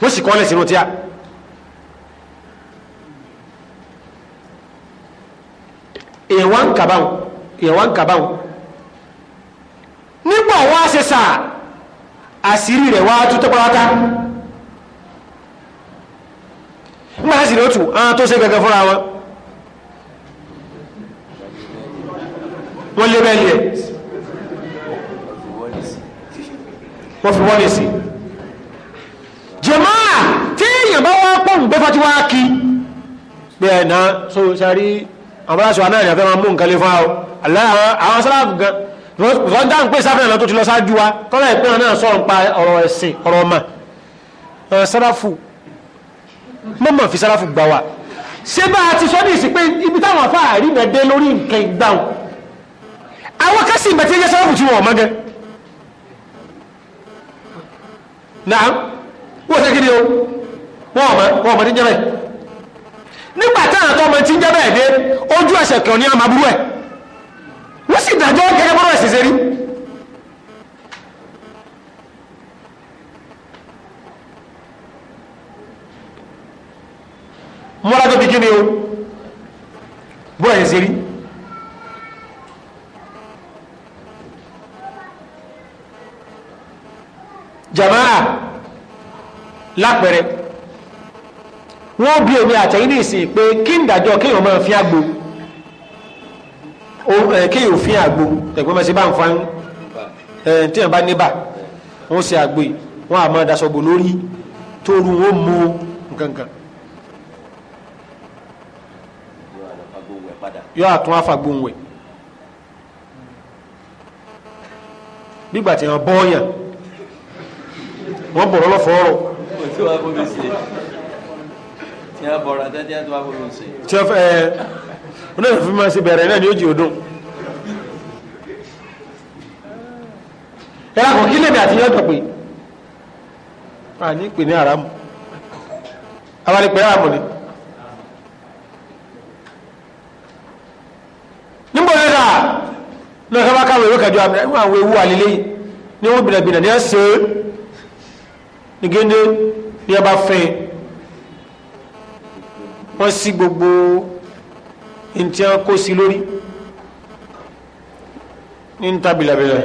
tó sì kọ́lẹ̀ sínú tí a èèwọ̀n kàbáhùn èèwọ̀n kàbáhùn nígbà wá ṣe sà àṣírí rẹ̀ wá tó tọ́pọ̀ wáta nígbà sí lótù àwọn tó ṣe gẹ́gẹ́ fúnra wọn wọ́n lé bẹ́ẹ̀lì ẹ̀ wọ́n fi wọ́n sí jẹ́máà tí èyàn bá wọ́n pọ̀ ń gbẹ́fà tí wá kí bẹ́ẹ̀ náà so sari àwọn aṣọ àmì àyàfẹ́ máa mú nǹkan lé fún àwọn sáláàfù gan wọ́n dá ń pè sáfẹ́ lọ tó ti lọ sáájú wa kọ́lá ìpínlẹ̀ náà sọ̀rọ̀ mọ́mọ̀ fi sára fún gbà wá ṣé bá a ti sọ ní ìsìn pé ibi táwọn afá àríwẹ̀ dé lórí nǹkan ìgbàun àwọn kásì ìbẹ̀tí ẹjẹ́ sára fún tí wọ́n mọ́ gẹ́ náà wọ́n ṣe kíni o wọ́n ọmọ wọ́n ọmọ tí ń jẹ́ bẹ́ẹ̀ nígbà táwọn tó ọmọ tí ń jẹ́ bẹ́ẹ̀ dé ojú ẹsẹ̀ kan ní àmàbúrú ẹ̀ wọ́n sì dájọ́ gẹ́gẹ́ bọ́rọ̀ ẹ̀sìn múra tó ti kí ni o bóra yẹn ṣe rí jamaa lápẹrẹ wọ́n bí omi àtẹ̀yìn ní ìsìn pé kí ń dájọ́ kí èèyàn máa fi àgbo kí èèyàn fi àgbo ẹ̀gbọ́n mẹ́sì bá ń fa tí èèyàn bá níbà wọ́n ṣe àgbo wọ́n á máa daṣọ lórí tóru wọ́n mú nǹkan kan. yọ àtún àfàgbóhùn wẹ̀ nígbà tí wọ́n bọ́ọ̀yàn wọ́n bọ̀rọ̀ lọ́fọ̀ọ́rọ̀ tí wọ́n bọ̀rọ̀ àtẹ́tí àti wọ́n bọ̀rọ̀ sí. tí wọ́n fẹ́ ẹ́ wọ́n náà fi máa ṣe bẹ̀rẹ̀ náà ni ó jì ó dùn. ẹ̀rọ kò kí lèmi àti yọ́jọ̀ pé a ní pè ní àràmù àwọn ìpè àràmù ni. náà ah! ká bá káwọn ìwé kẹjọ àwọn àwọn ewu àlélé ní wọn bìnàbìnà ní ẹsẹ ní géńdé ní ẹbá fẹn wọn sí gbogbo ntí wọn kó sí lórí ní n ta bìlàbìlà.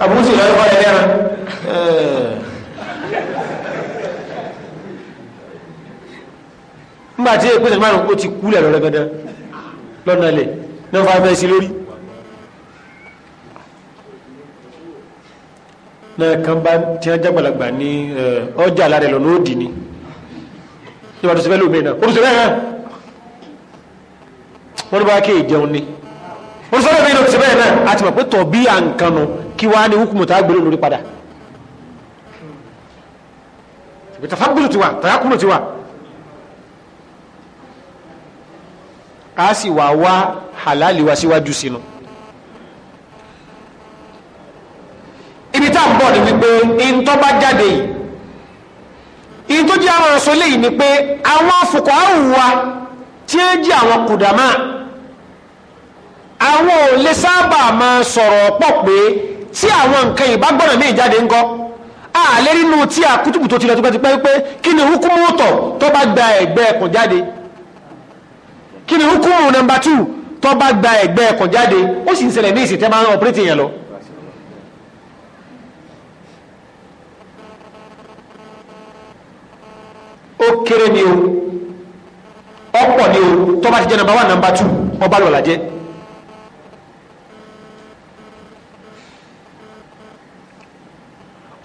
àbúrò sì lọ́dún kọ́ ẹ̀ dẹ́ran. nígbà tí èpè sèkúmánù ó ti kú lẹ̀rọ rẹ̀gẹ́dẹ́ lọ́nà ilẹ̀ náà fà bẹ́ẹ̀ sí lórí náà kan bá tí a jágbàlagbà ní eh, ọjà alárẹ̀ lọ́nà ó dì ní nígbà tó sẹ́fẹ́ lómi náà orúkọ bẹ́ẹ̀ náà wọ́n ní bá kéè jẹun ni orúkọ bẹ́ẹ̀ náà sẹ́fẹ́ náà àti mọ̀ pé tọ̀ bí à ń kanu kí wàá ní hukumu tá a gbèrò lórí padà tàbí ti wà tàyàkùnù ti wà a sì wá wá halali wa síwájú sínú. ibi tá à ń bọ̀ ni wípé ìntọ́ bá jáde yìí ìntọ́ jẹ́ àwọn ọ̀sọ́ léyìí ni pé àwọn afùkọ́ àwùwá tí ó jẹ́ àwọn kùdàmá àwọn ò lè sábà máa sọ̀rọ̀ pọ̀ pé tí àwọn nǹkan ìbágbọ́nà míì jáde ńkọ́ àlérí nù tí àkútùbù tó ti lọ tipẹ́tipẹ́ pé kí ni hukumu tọ̀ tó bá gba ẹ̀gbẹ́ ẹ̀kùn jáde kí ni hukumu nọmba two tó bá gba ẹ̀gbẹ́ ẹ̀kọ́ jáde ó sì ń ṣẹlẹ̀ ní ìsìn tẹ́ máa ń ọ̀pẹ́rẹ́tì yẹn lọ. ó kéré ni o ọ̀pọ̀ ni o tó bá ti jẹ́ nọmba one nọmba two ọba lọ́la jẹ́.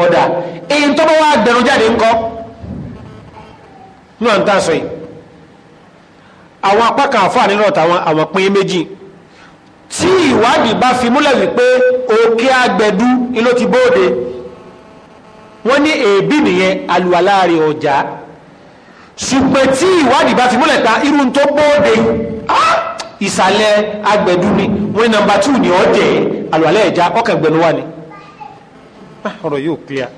ọ̀dà èyí tó bá wà gbẹ̀rún jáde ńkọ́ náà ń tà sọ yìí àwọn apá kan àfáà nínú ọ̀tà àwọn pín méjì tí ìwádìí bá fi múlẹ̀ wípé òkè agbẹ̀dú iló ti bóde wọ́n ní èébì nìyẹn àlùwàlá rẹ̀ ọ̀já ṣùgbọ́n tí ìwádìí bá fi múlẹ̀ ta irú tó bóde ìsàlẹ̀ agbẹ̀dú ni wọ́n ní nọmba 2 ní ọ̀jẹ̀ àlùwàlá ẹ̀já ọkàn gbẹ̀lú wà ní ah, ọ̀rọ̀ yóò clear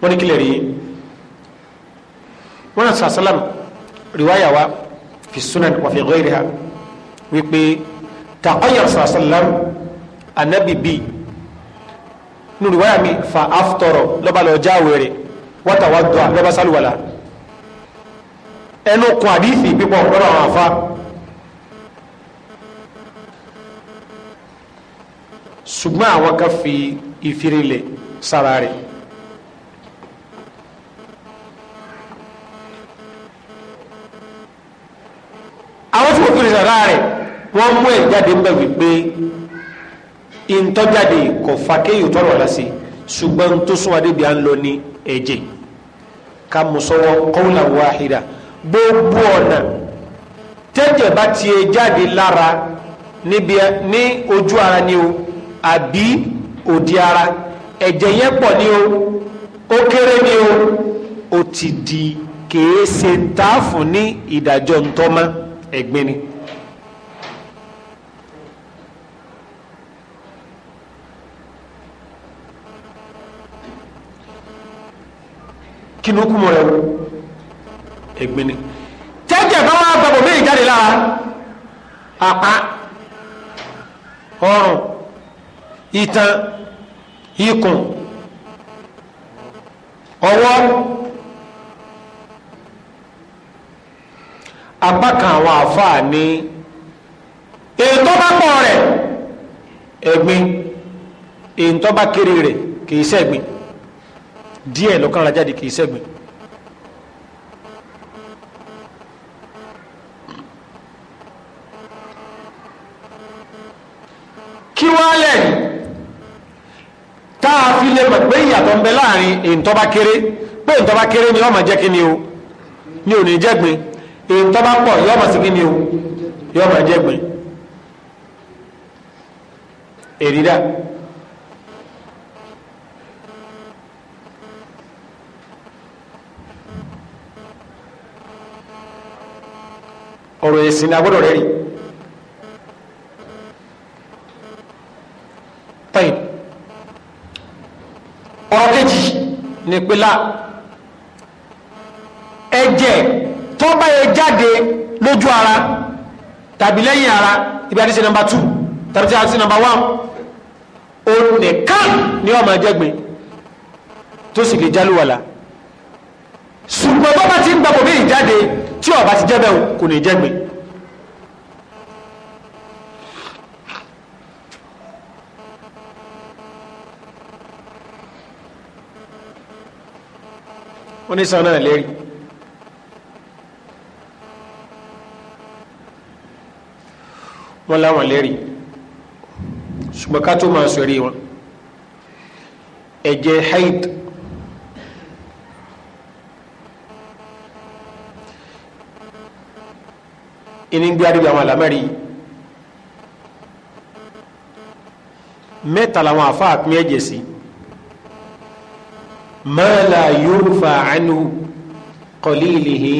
wọ́n ní kílẹ̀ rí wọ́n náà sàṣálàm riwaya wa fi sunan wa fi ghayriha wípé tàkọ́yà sàṣálàm anabi bi nu riwaya mi fa aftọrọ lọ́ba lọ jáwèrè wọ́tà wá dùn lọ́ba sálùwàlà ẹnu kun àdìsí pípọ̀ lọ́dọ̀ àwọn àfa ṣùgbọ́n àwọn kan fi ìfirilẹ̀ sára rẹ̀. kò tó lè sàrà rẹ̀ wọ́n mú ẹ̀ jáde ń bẹ̀ wípé ìntọ́jáde kò fa kéèyàn tọrọ ọ̀la sí ṣùgbọ́n tó sún adébí à ń lọ ní ẹ̀jẹ̀ ká mú sọ́wọ́ kọ́wùlà wàhídà gbogbo ọ̀nà tẹ́jẹ̀ bá ti jáde lára ní ojú ara ni o àbí òdi ara ẹ̀jẹ̀ yẹn pọ̀ ni o ó kéré ni o ó ti di kèé ṣe ń ta fún ní ìdájọ́ ntọ́mọ́ ẹ̀gbin ni. kí ló kún mọ́ rẹ̀ wò ẹ̀gbin ni. tẹ́jẹ̀ bá wàá gbàgbọ́ méjì jáde lára apá ọrùn itan ikùn ọwọ́. apá kan àwọn àfáà ní ètò bá pọ̀ rẹ̀ ẹ̀gbin ètò bá kéré rẹ̀ kìí ṣẹ̀gbin díẹ̀ lọ́kàn ra jáde kìí ṣẹ̀gbin. kí wá lẹ̀ tá fi lè mọ̀ pé ìyàtọ̀ ń bẹ láàrin ètò pé ètò ni wọ́n máa jẹ́ kí ni o ni ò ní jẹ́gbin èyí tó bá pọ̀ yọ́ mọ̀ sí kí ni o yọ́ mọ̀ jẹ́ gbìn èrìdá ọ̀rọ̀ ẹ̀sìn náà gbọ́dọ̀ rẹ̀ rí tẹ́yìn ọ̀rọ̀ kejì ní pílà ẹ̀jẹ̀ jáde lójú ara tàbí lẹ́yìn ara ibi àti ṣe nọmba two tàbí àti nọmba one òun nìkan ni ọmọ ẹjẹgbin tó sì lè jálùwàlà ṣùgbọ́n bọ́bá ti ń gbàgbọ́ bí ìjáde tí ọba ti jẹ́bẹ̀ kò ní jẹ́gbin wọ́n ní sọ náà lérí wọn láwọn lẹ́rìí ṣùgbọ́n ká tó máa sọ eré wọn ẹ̀jẹ̀ haid ìní gbé adébí àwọn àlámẹ́rí mẹ́ta làwọn àfáà pín ẹ̀jẹ̀ sí ma la yurfa anhu qalilihi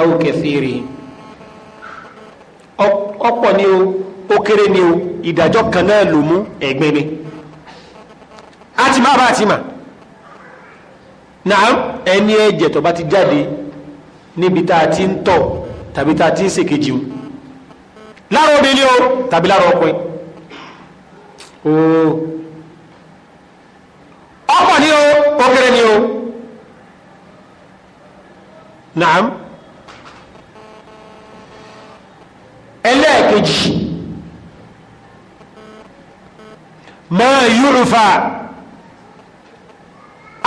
aw kathirihi ọ̀pọ̀ ni o ó kéré ni o ìdájọ́ kan náà ló mú ẹ̀gbin ni a ti máa bá a ti mà náà ẹni ẹ̀jẹ̀ tó bá ti jáde níbi tá a ti ń tọ̀ tàbí tá a ti ń ṣèkejì o lára obìnrin o tàbí lára ọkùnrin o ọkọ̀ ni o ó kéré ni o náà ẹlẹ́ẹ̀kejì. ma yurufa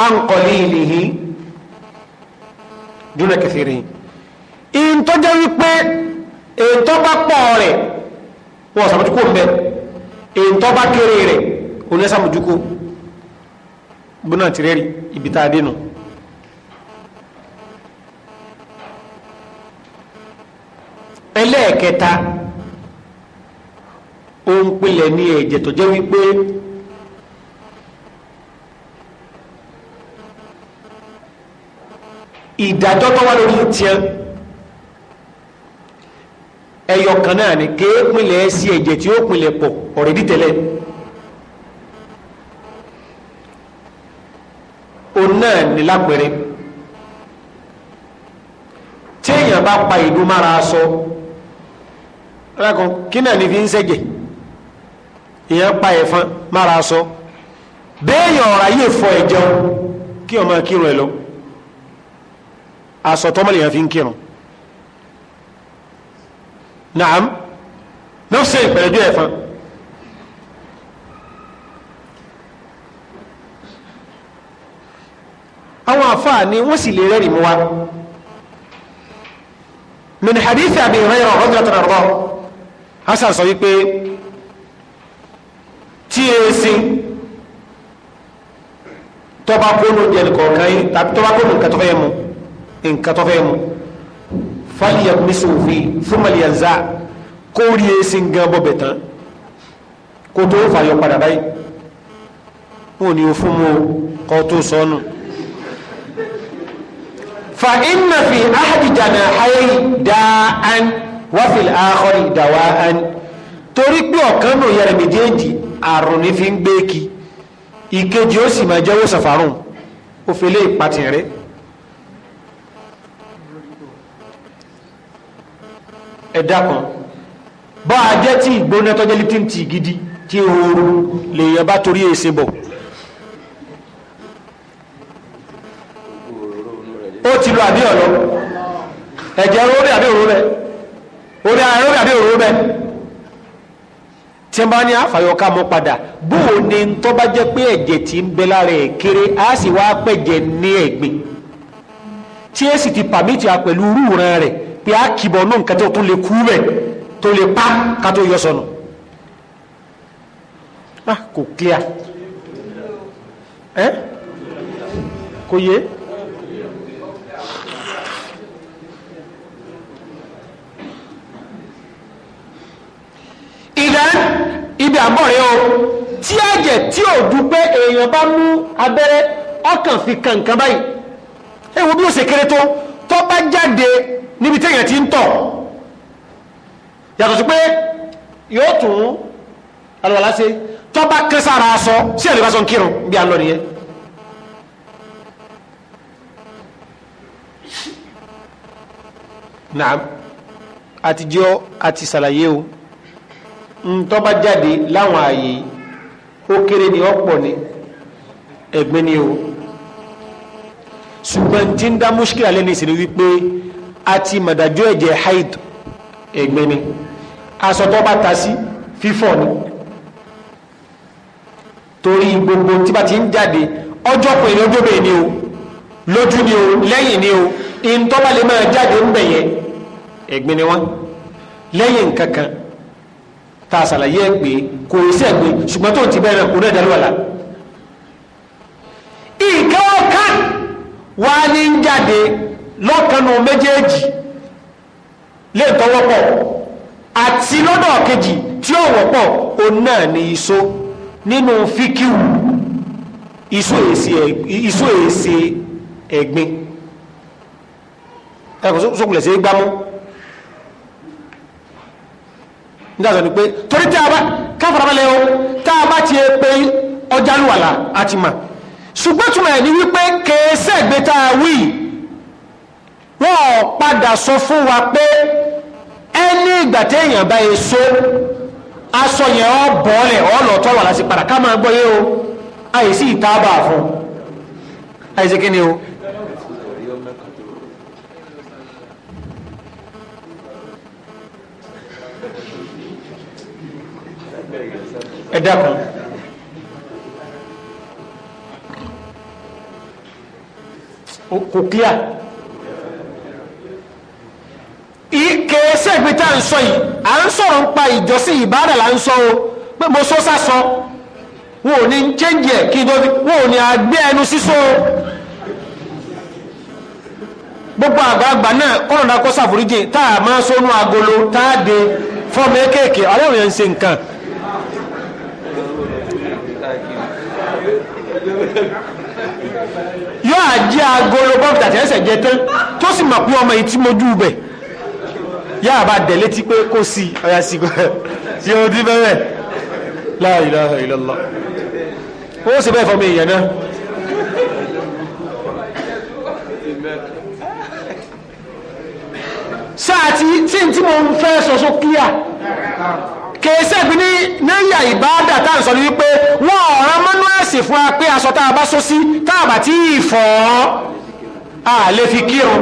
ankọ̀lì ìlìhí dúnà kẹfìrì in tó jẹ́ wípé èyí tó bá pọ̀ rẹ̀ wọ́n sàmójúkú ń bẹ èyí tó bá kéré rẹ̀ òun sàmójúkú bọ́nà tìrẹ́rì ibi tá a ẹlẹ́ẹ̀kẹta ó ń pilẹ̀ ní ẹ̀jẹ̀ tó jẹ́ wípé ìdájọ́ tó wá lórí tiẹ̀ ẹyọ kan náà ni kéé pinlẹ̀ sí ẹ̀jẹ̀ tí ó pinlẹ̀ pọ̀ ọ̀rẹ́dì tẹ́lẹ̀ òun náà ní lápẹ̀rẹ̀ tí èèyàn bá pa ìdú mára sọ rákan kí náà ní fi ń ṣẹ̀jẹ̀ èèyàn pa ẹ̀fọn mára aṣọ béèyàn ọ̀rọ̀ ayé fọ ẹ̀jẹun kí ọmọ kírun ẹ̀ lọ aṣọ tọ́mọ lèèyàn fi ń kírun naam náà ṣe ìpẹ̀lẹ́jọ́ ẹ̀fọn. àwọn àfáà ni wọ́n sì lè rẹ́rìí mú wa min hadith Abi Hurairah radiyallahu anhu hasan sọ wípé tí e ṣe tọba kónú jẹni kọ̀ọ̀kan yìí tàbí tọba kónú nǹkan tó fẹ́ mu nǹkan tó fẹ́ mu fàlìyà mísòfì fún màlìyànzá kó rí e ṣe gan bọ̀bẹ̀ tán kó tó fàyọ padà báyìí wọn ò ní o fún mu kó tó sọnù. فإن في أحد جناحيه داء وفي الآخر دواء torí pé ọ̀kan nù yẹrẹ méjèèjì àrùn ní fi ń gbé kí ìkejì ó sì máa jẹ́wọ́ sàfàrùn ó fi lé ìpatì rẹ̀ ẹ̀dá kan bá a jẹ́ tí ìgbóná tọ́jẹ́ lítí ti gidi tí ooru lèèyàn bá torí èsè bọ̀ ó ti lọ àbí ọ̀lọ́ ẹ̀jẹ̀ orí àbí òru bẹ́ẹ̀ orí àbí òru bẹ́ẹ̀ tí wọ́n bá ní àfàyọká mọ́ padà bóò ni tó bá jẹ́ pé ẹ̀jẹ̀ tí ń bẹ lára ẹ̀ kéré á sì wá pẹ̀jẹ̀ ní ẹ̀gbin tí ẹ sì ti pàmìtì a pẹ̀lú rúùran pé á kìbọ̀ náà nǹkan tó lè kú bẹ̀ tó lè pa ká tó yọ sọnù ah kò clear ẹ kò yé. níbi àbọ̀rẹ́ o tí ẹ̀jẹ̀ tí ò dúpẹ́ èèyàn bá mú abẹ́rẹ́ ọkàn fi kànkan báyìí ẹ wo bí ó ṣe kéré tó tó bá jáde níbi téèyàn ti ń tọ̀ yàtọ̀ sí pé yóò tún alùpàlà ṣe tó bá kán sára aṣọ sí ẹ̀lú ìbáṣọ ń kírun bí a lọ nìyẹn. naam àtijọ́ àti sàlàyé o. ntọ́ba jáde láwọn ààyè ó kéré ni ọ̀pọ̀ ni ni o ṣùgbọ́n tí ń dá múṣkìlá lẹ́nu ìsìn wípé a ti mọ̀dájú ẹ̀jẹ̀ haid ni ta fífọ̀ ni torí gbogbo tí bá ti ń jáde pé ni o lójú ni tá a ṣàlàyé ẹ̀ pé kò sí ẹ̀gbẹ́ ṣùgbọ́n tó ti bẹ̀rẹ̀ kò náà dá lọ́la. ìkẹ́wọ́ kan wá ní jáde lọ́kànnù méjèèjì lè tọwọ́pọ̀ àti lọ́dọ̀ kejì tí ó wọ́pọ̀ òun náà ni iṣó nínú fíkíwù iṣó èsì ẹ̀gbin ẹ̀kọ́ sókùlẹ̀ sí gbámú. nígbàtọ̀ ni pé torí tí a bá káfàrabalẹ̀ o tá a bá ti ẹ pé ọjà lùwàlà àti mà ṣùgbọ́n túmọ̀ ẹ̀ ní wípé kèésẹ̀ gbé wí wọ́n padà sọ fún wa pé ẹni ìgbà téèyàn bá yẹ e so aṣọ yẹn ọ bọ́ọ̀lẹ̀ ọ lọ tọ́wà láti padà ká máa gbọ́ yé o àìsí ìtaàbà fún àìsí kí ni o ẹ dákun kò clear ìkèésè ìpín tá ń sọ yìí à ń ń pa ìjọsìn sọ o pé mo sọ́sà wọn ẹ̀ wọn o gbogbo àgbààgbà náà kọ́nà dákọ́ sàforíjì tá a máa agolo tá a de fọ́ọ̀mù jẹ́ agolo bọ́ọ̀bù tàti ẹsẹ̀ jẹ tán tó sì mọ̀ pé ọmọ yìí tí mo dùn bẹ̀ yáà bá dẹ̀ létí pé kò sí ọ̀yà sí kò sí ohun tí bẹ́ẹ̀ la ilaha illallah ó sì bẹ́ẹ̀ fọmọ èèyàn náà. sáà tí tí mo fẹ́ sọ sókíà kèésẹ́ bí ní náírà ìbáàdà tá à ń sọ ní wípé wọ́n ọ̀ràn mọ́nú ẹ̀sìn fún wa pé aṣọ tá a bá sọ sí tá a bá tí ì fọ̀ ọ́ a lè fi kírun.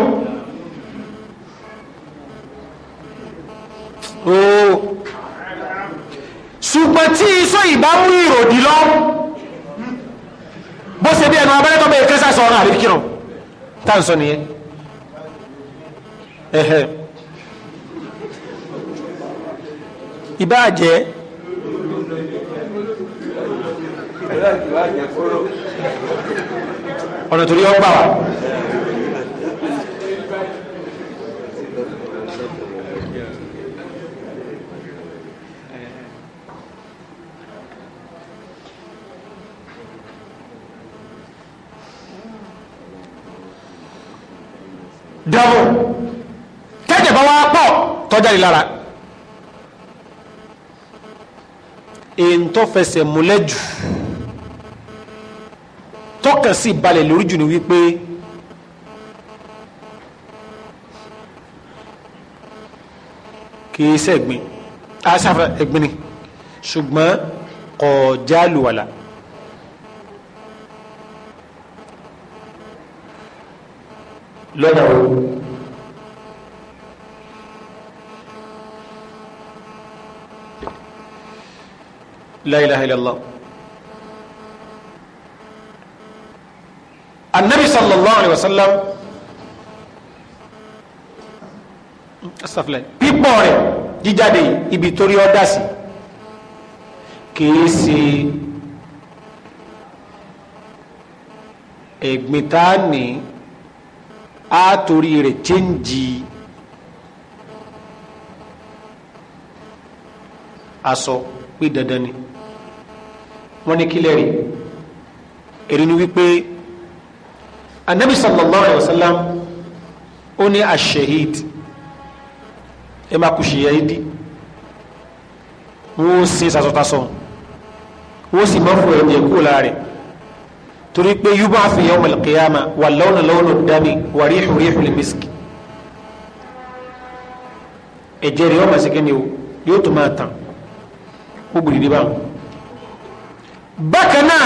ṣùgbọ́n tí iṣọ́ ìbámu ìròdì lọ bó ṣe bí ẹnu abẹ́rẹ́ tó bẹ̀rẹ̀ kẹsà sọ ọ̀rọ̀ àríkìrùn tá à ń sọ nìyẹn. ìbáà jẹ́ ọ̀nà torí ọgbà wa. dàbò tẹ́jẹ̀ bá wá pọ̀ tọ́jáde lára èntọ́fẹsẹ̀ múlẹ́jù tọ́kàn sí balẹ̀ lórí jù ní wípé kìí sẹ́gbìn asáfà ẹ̀gbìn ni la ilaha illallah annabi sallallahu alaihi wasallam asafilẹ pípọ̀ rẹ̀ jíjáde ibi torí ọdá sí kìí ṣe ẹ̀gbìn tá a ní a torí rẹ̀ chéńjì aṣọ pé dandan ni wọ́n ní kílẹ̀ rí èrè ni wípé anabi sallallahu alayhi wa sallam ó ní ashehid ẹ máa kú ṣèyẹ́dì wọ́n ó sin sasọ́tasọ́ wọ́n sì máa fọ ẹ̀jẹ̀ kúrò lára rẹ̀ torí pé yúbọ̀ àfihàn yawm al-qiyama wà lọ́wọ́nà lọ́wọ́nà dami wà ríhù ríhù lè mísìkì ẹ̀jẹ̀ rẹ̀ ọmọ sí kí ni o yóò tó máa tàn ó gbìyànjú báwọn. bákan náà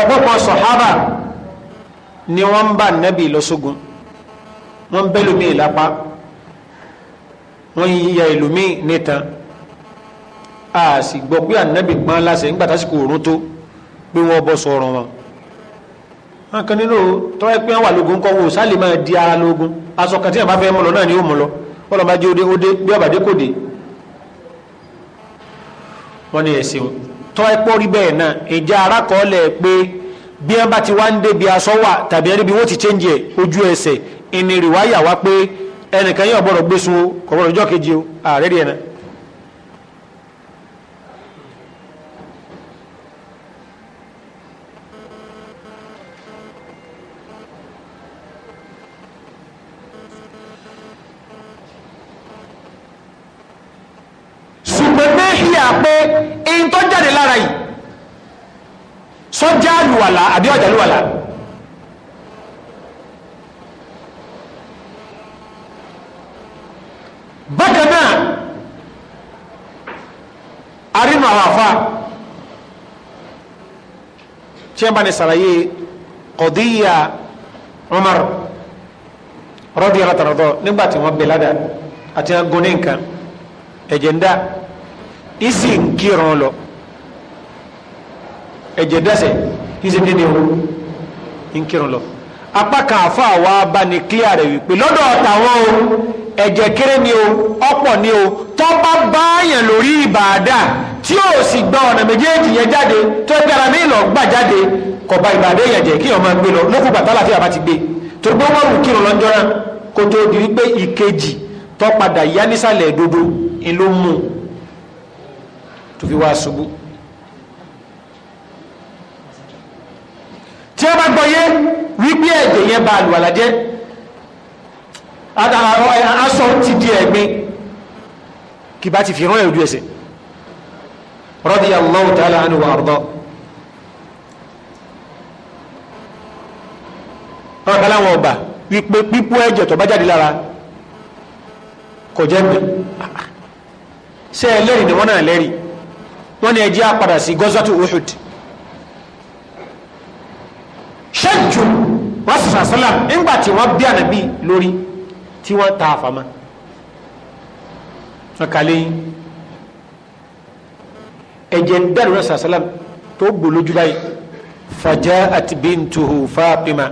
ọ̀pọ̀pọ̀ sọ̀hábà ni wọ́n ń bá nẹ́bì lọ́sọ́gun wọ́n ń bẹ́lùmí ìlápá wọ́n yíya ìlúmí a sì gbọ́ pé ànẹ́bì pọ́n láṣẹ nígbà tásìkò òórùn tó pé wọ́n bọ́ wọn wọn kan nínú tọ́wọ́ pé wọ́n wà lógun kọ́ wo sálì máa di ara lógun aṣọ kan tí fẹ́ lọ náà ni tọ́ ẹpọ́ rí bẹ́ẹ̀ náà ìjẹ́ arákọọ́lẹ̀ pé bí wọ́n bá ti wá ń débi aṣọ wà tàbí ẹni bí wọ́n ti change ojú ẹsẹ̀ ìnirìwáyà wá pé ẹnìkan yóò gbọ́dọ̀ gbé sun o kò gbọ́dọ̀ ọjọ́ kejì o ààrẹ rí ẹ̀ náà sọ́jà lùwàlà àbí ọ̀jà lùwàlà bákan náà arínú àwọn àfa tí a bá ní sàlàyé kọ̀díyà Umar rọ́dí alátàrọ́dọ́ nígbà tí wọ́n bẹ̀ládà àti agoní ẹ̀jẹ̀ ń dá kírun lọ ẹ̀jẹ̀ dẹ́sẹ̀ kí ṣe kéde ooru ń kírun lọ apá kan àfa àwa bá clear rẹ̀ wípé lọ́dọ̀ tàwọn o ẹ̀jẹ̀ kéré ni o ọ̀pọ̀ ni o tọ́ bá báyàn lórí ìbàdà tí ó sì gba ọ̀nà méjèèjì yẹn jáde tó ẹgbẹ́ ara mi lọ gbà jáde kọ̀ba ìbàdà èèyàn jẹ́ kí ọmọ gbé lọ lókùn bàtà láti àbá ti gbé tó gbọ́ wọ́n rù kírun lọ́jọ́ náà kó tó di wípé ìkejì tó padà yá dodo ìlú mú tó fi wá ṣubú. tí a bá gbọ́yé wípé ẹ̀jẹ̀ yẹn ba àlùwàlá jẹ́ aṣọ ti di ẹ̀gbin kì bá ti fi rán ẹ̀rù ẹ̀sẹ̀ radiyallahu ta'ala anhu wa arda ọ̀rọ̀kálá wọn ọba wípé pípú ẹ̀jẹ̀ tó bá jáde lára kò jẹ́ mi ṣe ẹlẹ́rìí ni wọ́n náà lẹ́rìí wọ́n ní ẹjẹ́ àpadà sí gọ́sọ́tù Uhud ṣẹ́jú wọ́n sì sàṣẹ́là nígbà tí wọ́n bí ànábì lórí tí wọ́n ta àfàmà ọ̀kàlẹ́ ẹ̀jẹ̀ ń dẹ̀rù rẹ̀ sàṣẹ́là tó gbò lójú báyìí fàjá àti bíntuhu fápímà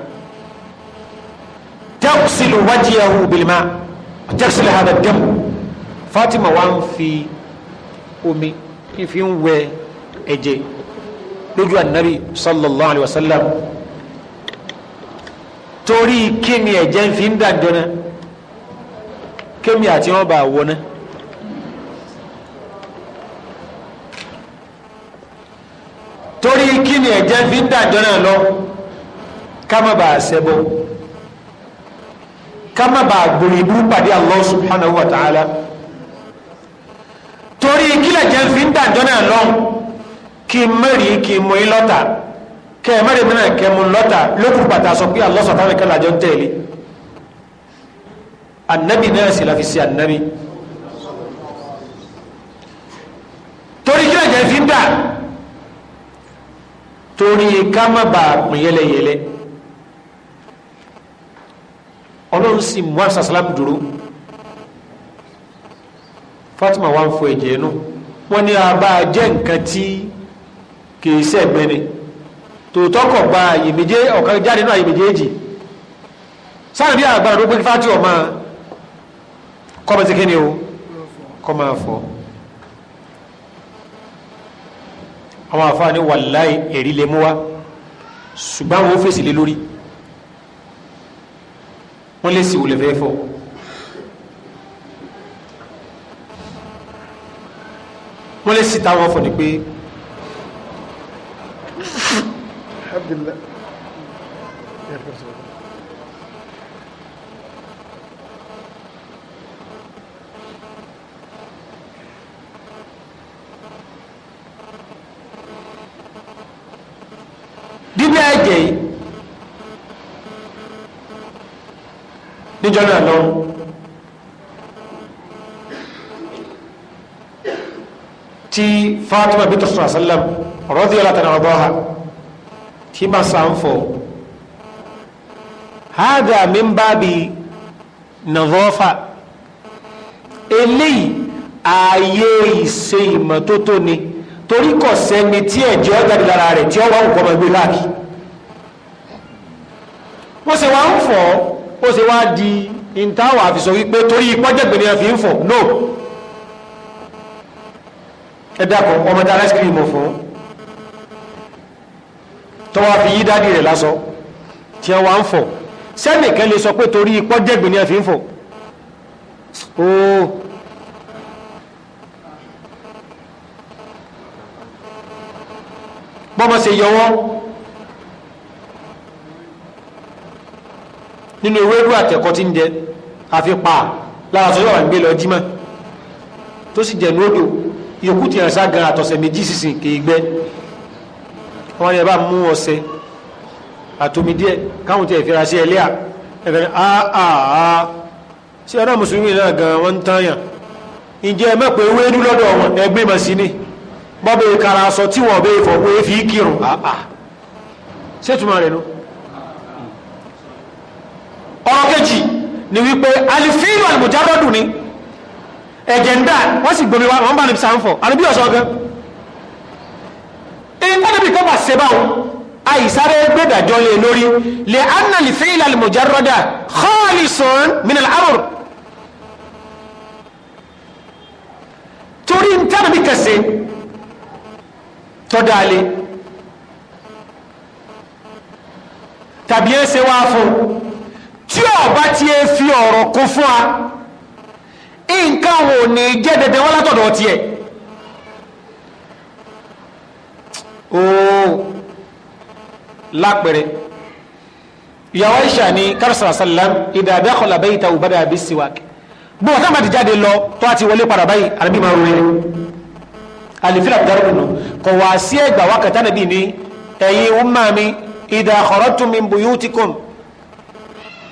tẹ́kùsílù wájíyàwó bìlìmá tẹ́kùsílù hàbà dẹ́mù Fatima wa ń fi omi fífi ń wẹ ẹ̀jẹ̀ lójú ànábì sallallahu alayhi wa sallam torí kíni ẹ̀jẹ̀ ń fi ń dàjọ́ náà kémi àti wọn bá wọ náà. torí kíni ẹ̀jẹ̀ ń fi ń dàjọ́ náà lọ ká má bàa ṣẹbọ ká má bàa gbòòrò ìbúrú pàdé Allah subhanahu wa ta'ala torí kílẹ̀ jẹ́ ń fi ń dàjọ́ náà lọ kí n mẹ́rìí kí n mọ ilọ́ta kẹ́ẹ̀mẹ́rin mìíràn kẹ́mu lọ́ta lókùn bàtà sọ pé Allah subhanahu wa ta'ala jọ ń tẹ̀lé annabi náà sì láfi sí annabi torí kí lẹ́jẹ̀ fi ń dà torí ká má bà pín yẹlẹyẹlẹ ọlọ́run sì mú àṣàṣàlám dúró Fatima wà ń fọ ẹ̀jẹ̀ nù wọ́n ní abá jẹ́ nǹkan tí kìí sẹ́gbẹ́ni. No tòótọ́ kọ̀ gba àyè ọ̀kan jáde náà àyè méjèèjì sáàbí àgbàrá ló pín fáti ọmọ kọ́mọ ti kíni o kọ́mọ àfọ àwọn àfáà ní wàláì ẹ̀rí lè mú wa ṣùgbọ́n àwọn fèsì lé lórí wọ́n lè sì wò fẹ́ fọ́. wọ́n lè sì táwọn fọ̀ ni pé ഇതിൽ ഏർപ്പെടുത്തി dídá ẹ̀jẹ̀ yìí níjọ́ náà lọ́wọ́ tí Fatima bintu Rasulullah sallam radiyallahu anha tiba sanfo hada min babi nadhofa eléyìí ààyè ìṣe ìmọ́tótó ni torí kò sẹ́ni tí ẹ̀jẹ̀ ọ̀jáde lára rẹ̀ tí ó wà òkú ọmọ ẹgbẹ́ láàkì wọ́n ṣe wá ń fọ̀ ó ṣe wá di ìntàwọ̀ àfisọ wípé torí pọ́jẹ̀gbẹ̀ ni a fi ń fọ̀ no ẹ̀dàkọ̀ ọmọdé ice cream fún tọ́wọ́ fi yí dádì rẹ̀ lásọ tí wọ́n ń fọ̀ sẹ́nìkan lè sọ pé torí ipọ́ jẹ́gbìn ni ẹ fi ń fọ̀ bọ́mọ ṣe yọwọ́ nínú ewédú àtẹ̀kọ́ tí ń jẹ àfi pa lára sọ́jọ́ wà ń gbé lọ jímọ̀ tó sì jẹ̀ ní odò ìyókù ti hàn gan àtọ̀sẹ̀ méjì sísìn kì gbẹ́ wọ́n ní ẹ bá mú ọṣẹ àtomi díẹ̀ káwọn tiẹ̀ fira sí ẹlẹ́à ẹ̀fẹ̀ ní àà sí ọ̀nà mùsùlùmí náà gan wọ́n ń tàyàn ǹjẹ́ ẹ mọ̀ pé wéédú lọ́dọ̀ wọn ẹgbẹ́ mọ̀ sí ni bọ́bẹ̀ kara aṣọ tí wọ́n bẹ́ẹ̀ fọ̀ pé fi kírun àà ṣètùmọ̀ rẹ̀ nu. ọ̀rọ̀ kejì ni wípé alifíìlù àlùmùjárọ̀dù ni ẹ̀jẹ̀ ń dà wọ́n sì gbomi wa wọ́n bá níbi sáńfọ̀ àlùbí ọ̀sán gan ìtànàbí kọ́ máa ṣe báwọn àìsáré gbẹ́dàjọ́ lé e lórí lè anna lè fi ìlàlì mọ̀járọ́dà khalisun min al-amr torí ìtànàbí kẹsẹ̀ tọ́dáalé tàbí ẹsẹ̀ wá fún tí ọba tí ẹ fi ọ̀rọ̀ kún fún wa nǹkan wò ní jẹ́ wọ́n látọ̀dọ̀ tiẹ̀ ó lápẹrẹ ìyàwó Aisha ní kárọ̀sà sàlám ìdàdà kọlà bẹ́yì ta òbádà àbí síwáàkì bí wọn sábà ti jáde lọ tó a ti wọlé padà báyìí àbí máa wọlé àlìfíà dárò nù kò wá sí ẹgbà wákàtá nàbí ni ẹ̀yin wọn máa mi ìdà kharajtum min buyutikum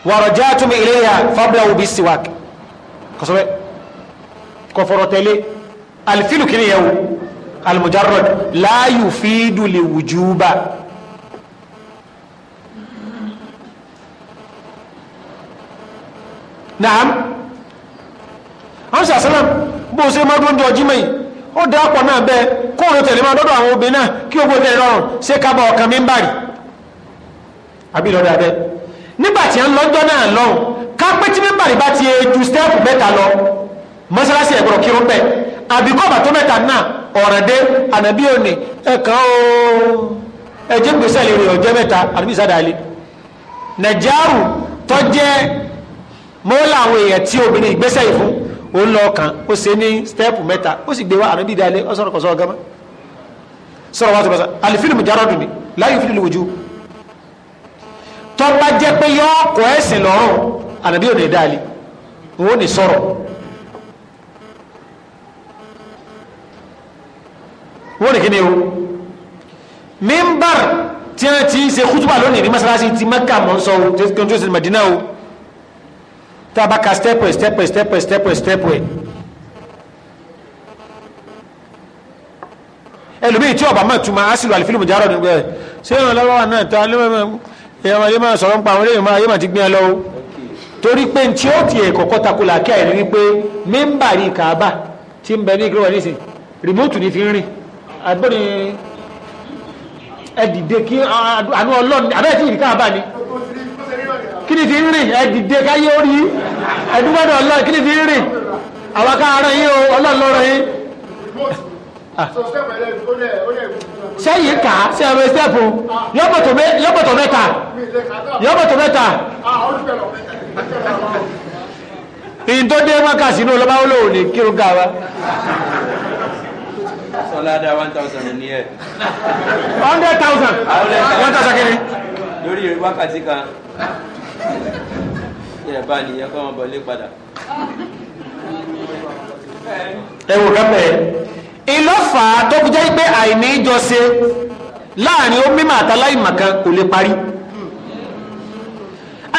wa raja'tum ilayha fablau bis siwak kọsọbẹ kọfọrọ tẹlẹ àlìfíà kìnìyàwó almujarrad la yufidu li wujuba naam hamsa salam bó ṣe mọ́ dúnjọ jímọ̀ yìí ó dápọ̀ náà bẹ́ẹ̀ kóòrò tẹ̀lé máa dọ́dọ̀ àwọn obìnrin náà kí ó gbogbo ẹ̀rọrùn ṣe ká bá ọkàn mi ń bàrí àbí lọ́dọ̀ abẹ́ nígbàtí à ń lọ́jọ́ náà lọ́hùn ká pé tí mímbàrí bá ti ju stẹ́ẹ̀pù mẹ́ta lọ mọ́sálásí ẹ̀gbọ̀rọ̀ kírun bẹ́ẹ̀ àbíkọ́ bàtó mẹ́ta náà ọ̀rẹ́dẹ́ ànàbí òní ẹ̀kan ooo ẹjẹ́ gbèsè lè rè ọjọ́ mẹ́ta ànàbí ìsádàálé nàìjíríà tó jẹ́ mọ́lá àwọn èèyàn tí obìnrin ìgbésẹ̀ yìí fún òun lọ kàn ó ṣe ní stẹ́ẹ̀pù mẹ́ta ó sì gbé wá ànàbí ìdálé ó sọ̀rọ̀ kọ̀sọ́ ọ̀gá mọ́ sọ̀rọ̀ wá tó àlìfílìmù járọ́dù ni láyé fílìlì wòjú tó jẹ́ pé yọ wọ́n ní kíni o mímbàr tí wọ́n ti ṣe kútùbà lónìí ní masalasi ti mẹ́kà mọ́ sọ o tí wọ́n ti ṣe Madina o tá a bá ka stẹ́pẹ̀ stẹ́pẹ̀ stẹ́pẹ̀ stẹ́pẹ̀ stẹ́pẹ̀ ẹlòmíì tí ọba máa tuma asilu àlìfílù mùjárọ̀ nígbà ẹ̀ ṣé ìrìn lọ́wọ́ náà ta ẹ̀yẹ́ máa sọ̀rọ̀ ń pa àwọn ẹ̀yẹ́ máa ti gbìyàn lọ́wọ́ torí pé tí ó ti ẹ̀kọ́kọ́ takò làákẹ́ àìrí wípé mímbàrí kàábà tí ń bẹ ní ìgbéwà nísìn rìmóòtù ní fi ń rìn àgbẹ̀rin ẹ̀dìdè kí àánú ọlọ́run àbẹ́ẹ̀ tí ìrìká bá ní kí ni ti ń rìn ẹ̀dìdè káyé orí ẹ̀dúgbọ́dọ̀ ọlọ́run kí ni ti ń rìn àwáká ara yín o ọlọ́run lọ́rọ̀ yín. Ah. sẹ́yìn kà á sẹ́yìn ọ̀rọ̀ stẹ́pù yọ́pọ̀tọ̀ mẹ́ta yọ́pọ̀tọ̀ mẹ́ta ìyìn tó dé mọ́kà sínú ọlọ́báwọ́lò ò ní kírun gàwa sọlá one thousand ní ẹ. hundred thousand one thousand kiri. lórí wákàtí kan yẹ bá nìyẹn kọ́ ọmọ lé padà. ẹ wò kápẹ́ ìlọ́fà tó fi jẹ́ pé àìní ìjọsẹ láàrin ó mímọ̀ àtàláì màkan kò lè parí.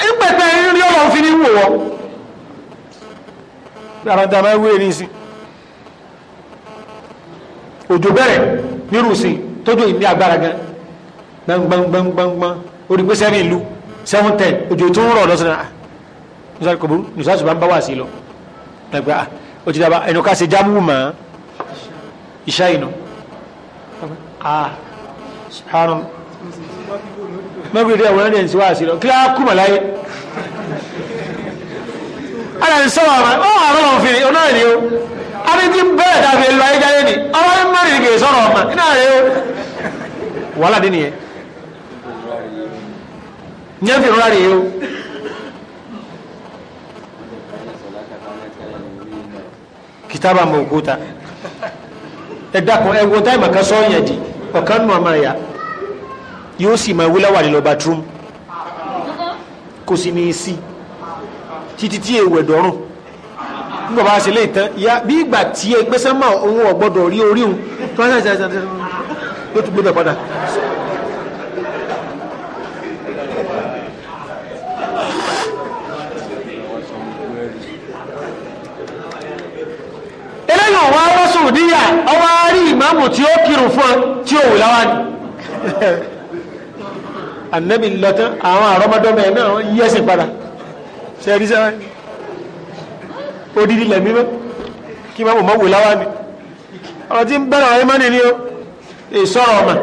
ìpẹ̀pẹ̀ rírí ọlọ́run fi ní wò wọ́. bí àwọn tá a máa ń wé ní ìsìn òjò bẹ̀rẹ̀ nírùsìn tójú ìní agbára gan gbangbangbangban orí pé sẹ́rin ìlú seven ten òjò tó ń rọ̀ lọ́sàn-án ah, nusari kò burú nusari sùgbọ́n bá wà sí lọ ẹgbẹ́ ah o ti daba ẹnu ká ṣe jámù mọ́ iṣẹ́ yìí nù ah subhanahu mẹ́gbẹ̀rẹ́ dẹ́ wọ́n ní wà sí lọ kí á kú mọ̀ láyé ala ní sọ́wọ́ àwọn ọ̀rọ̀ òfin ọ̀nà ìlú ti bẹ́ẹ̀ dàbí lọ ayé jáde ni ọmọ mi mọ̀ nìyí kìí sọ̀rọ̀ ọmọ iná rẹ o wàhálà dé nìyẹn nyẹ́ fi rọra rè é o. kitaba mawquta ẹ dákun ẹ wo táìmù kan sọ yẹn di ọ̀kan nù ọmọ ẹ̀yà yóò sì máa wílẹ̀ wà nínú bathroom kò sì ní í sí títí tí èèwẹ̀ dọ́rùn nígbà bá ṣe lè tán ya bí ìgbà tí ẹ gbé sẹ́mà òun ọ̀gbọ́dọ̀ rí orí òun tó ń ṣe ṣe ló tún gbébẹ̀ padà. eléyìí òun ará sùdíyà ọwọ́ arí ìmáàmù tí ó kírun fún ọ tí ó wù láwa ni. ànábì lọ àwọn àrọ́mọdọ́mọ ẹ̀ náà yẹ́sìn padà ṣe é rí sẹ́wọ́n odidi lẹ̀ mímọ́ kí máa mọ̀ wò láwá ni ọ̀rọ̀ tí ń bẹ̀rẹ̀ ayé mọ́ni ni ó ìsọ̀rọ̀ ọmọ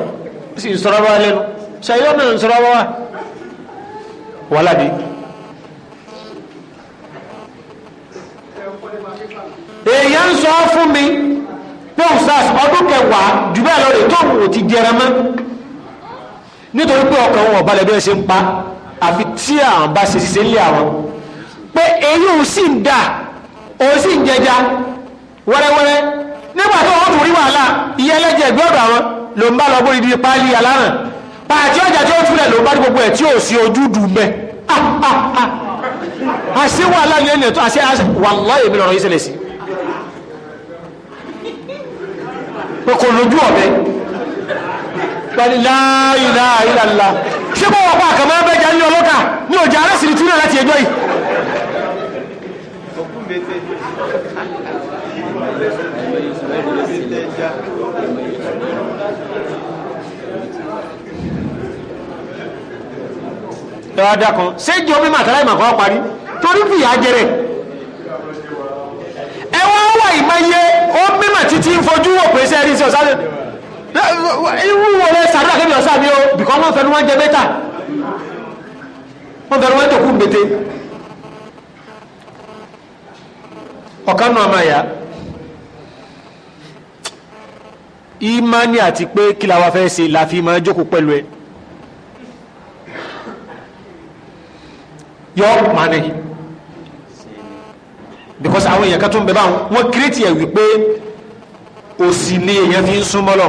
sì ń sọ̀rọ̀ wá lẹ́nu ṣàyẹ́ náà ń sọ̀rọ̀ wá wà ládé èèyàn ń sọ fún mi pé òsàs ọdún kẹwàá jù bẹ́ẹ̀ lọ́rẹ̀ tó wò ti jẹrẹ mọ́ nítorí pé ọkàn wọn ọ̀balẹ̀ bí wọ́n ṣe ń pa àfi tí àwọn bá ṣe ṣiṣẹ́ lé àwọn pé èyí ò sì ń dáa òun sì ń jẹja wẹ́rẹ́wẹ́rẹ́ nígbà tó wọ́n tún rí wàhálà ìyá ẹlẹ́jẹ̀ ẹgbẹ́ ọ̀dọ̀ àwọn ló ń bá lọ bóri di páálí aláràn pàtí ọjà tí ó túlẹ̀ ló ń bá gbogbo ẹ̀ tí ò sí ojú dùn bẹ́ẹ̀ àṣẹ wàhálà ní ẹnìyàn tó àṣẹ wàláyé mi lọ́rọ̀ yìí ṣẹlẹ̀ sí pé kò lójú ọ̀bẹ pẹ̀lú láìláìlàlá ṣé bọ́wọ́ pa àkàmọ́ ẹgbẹ́jà ní ọlọ́kà ní ọjà arẹ́sìrì túnlẹ̀ láti ẹjọ́ yìí mbete mbete ja ẹwàdà kan ṣé omi màtàlá ìmàkọ́ parí torí fìyà jẹrẹ ẹwà wà ìmọ̀ye omi mà títí ń fojú wò pé ṣe rí sí ọ̀sán irú wọlé sàdúrà kébì ọ̀sán mi o bìkọ́ wọn fẹnu wọn jẹ bẹ́tà wọn fẹnu wọn jẹ kú mbete. ọ̀kan náà máa yá ìmánì àti pé kí la wá fẹ́ ṣe la fi máa pẹ̀lú ẹ yọ mani because àwọn èèyàn kan tó ń bẹ báwọn wọn kírètì ẹ wípé òsì ni èèyàn fi ń súnmọ́ lọ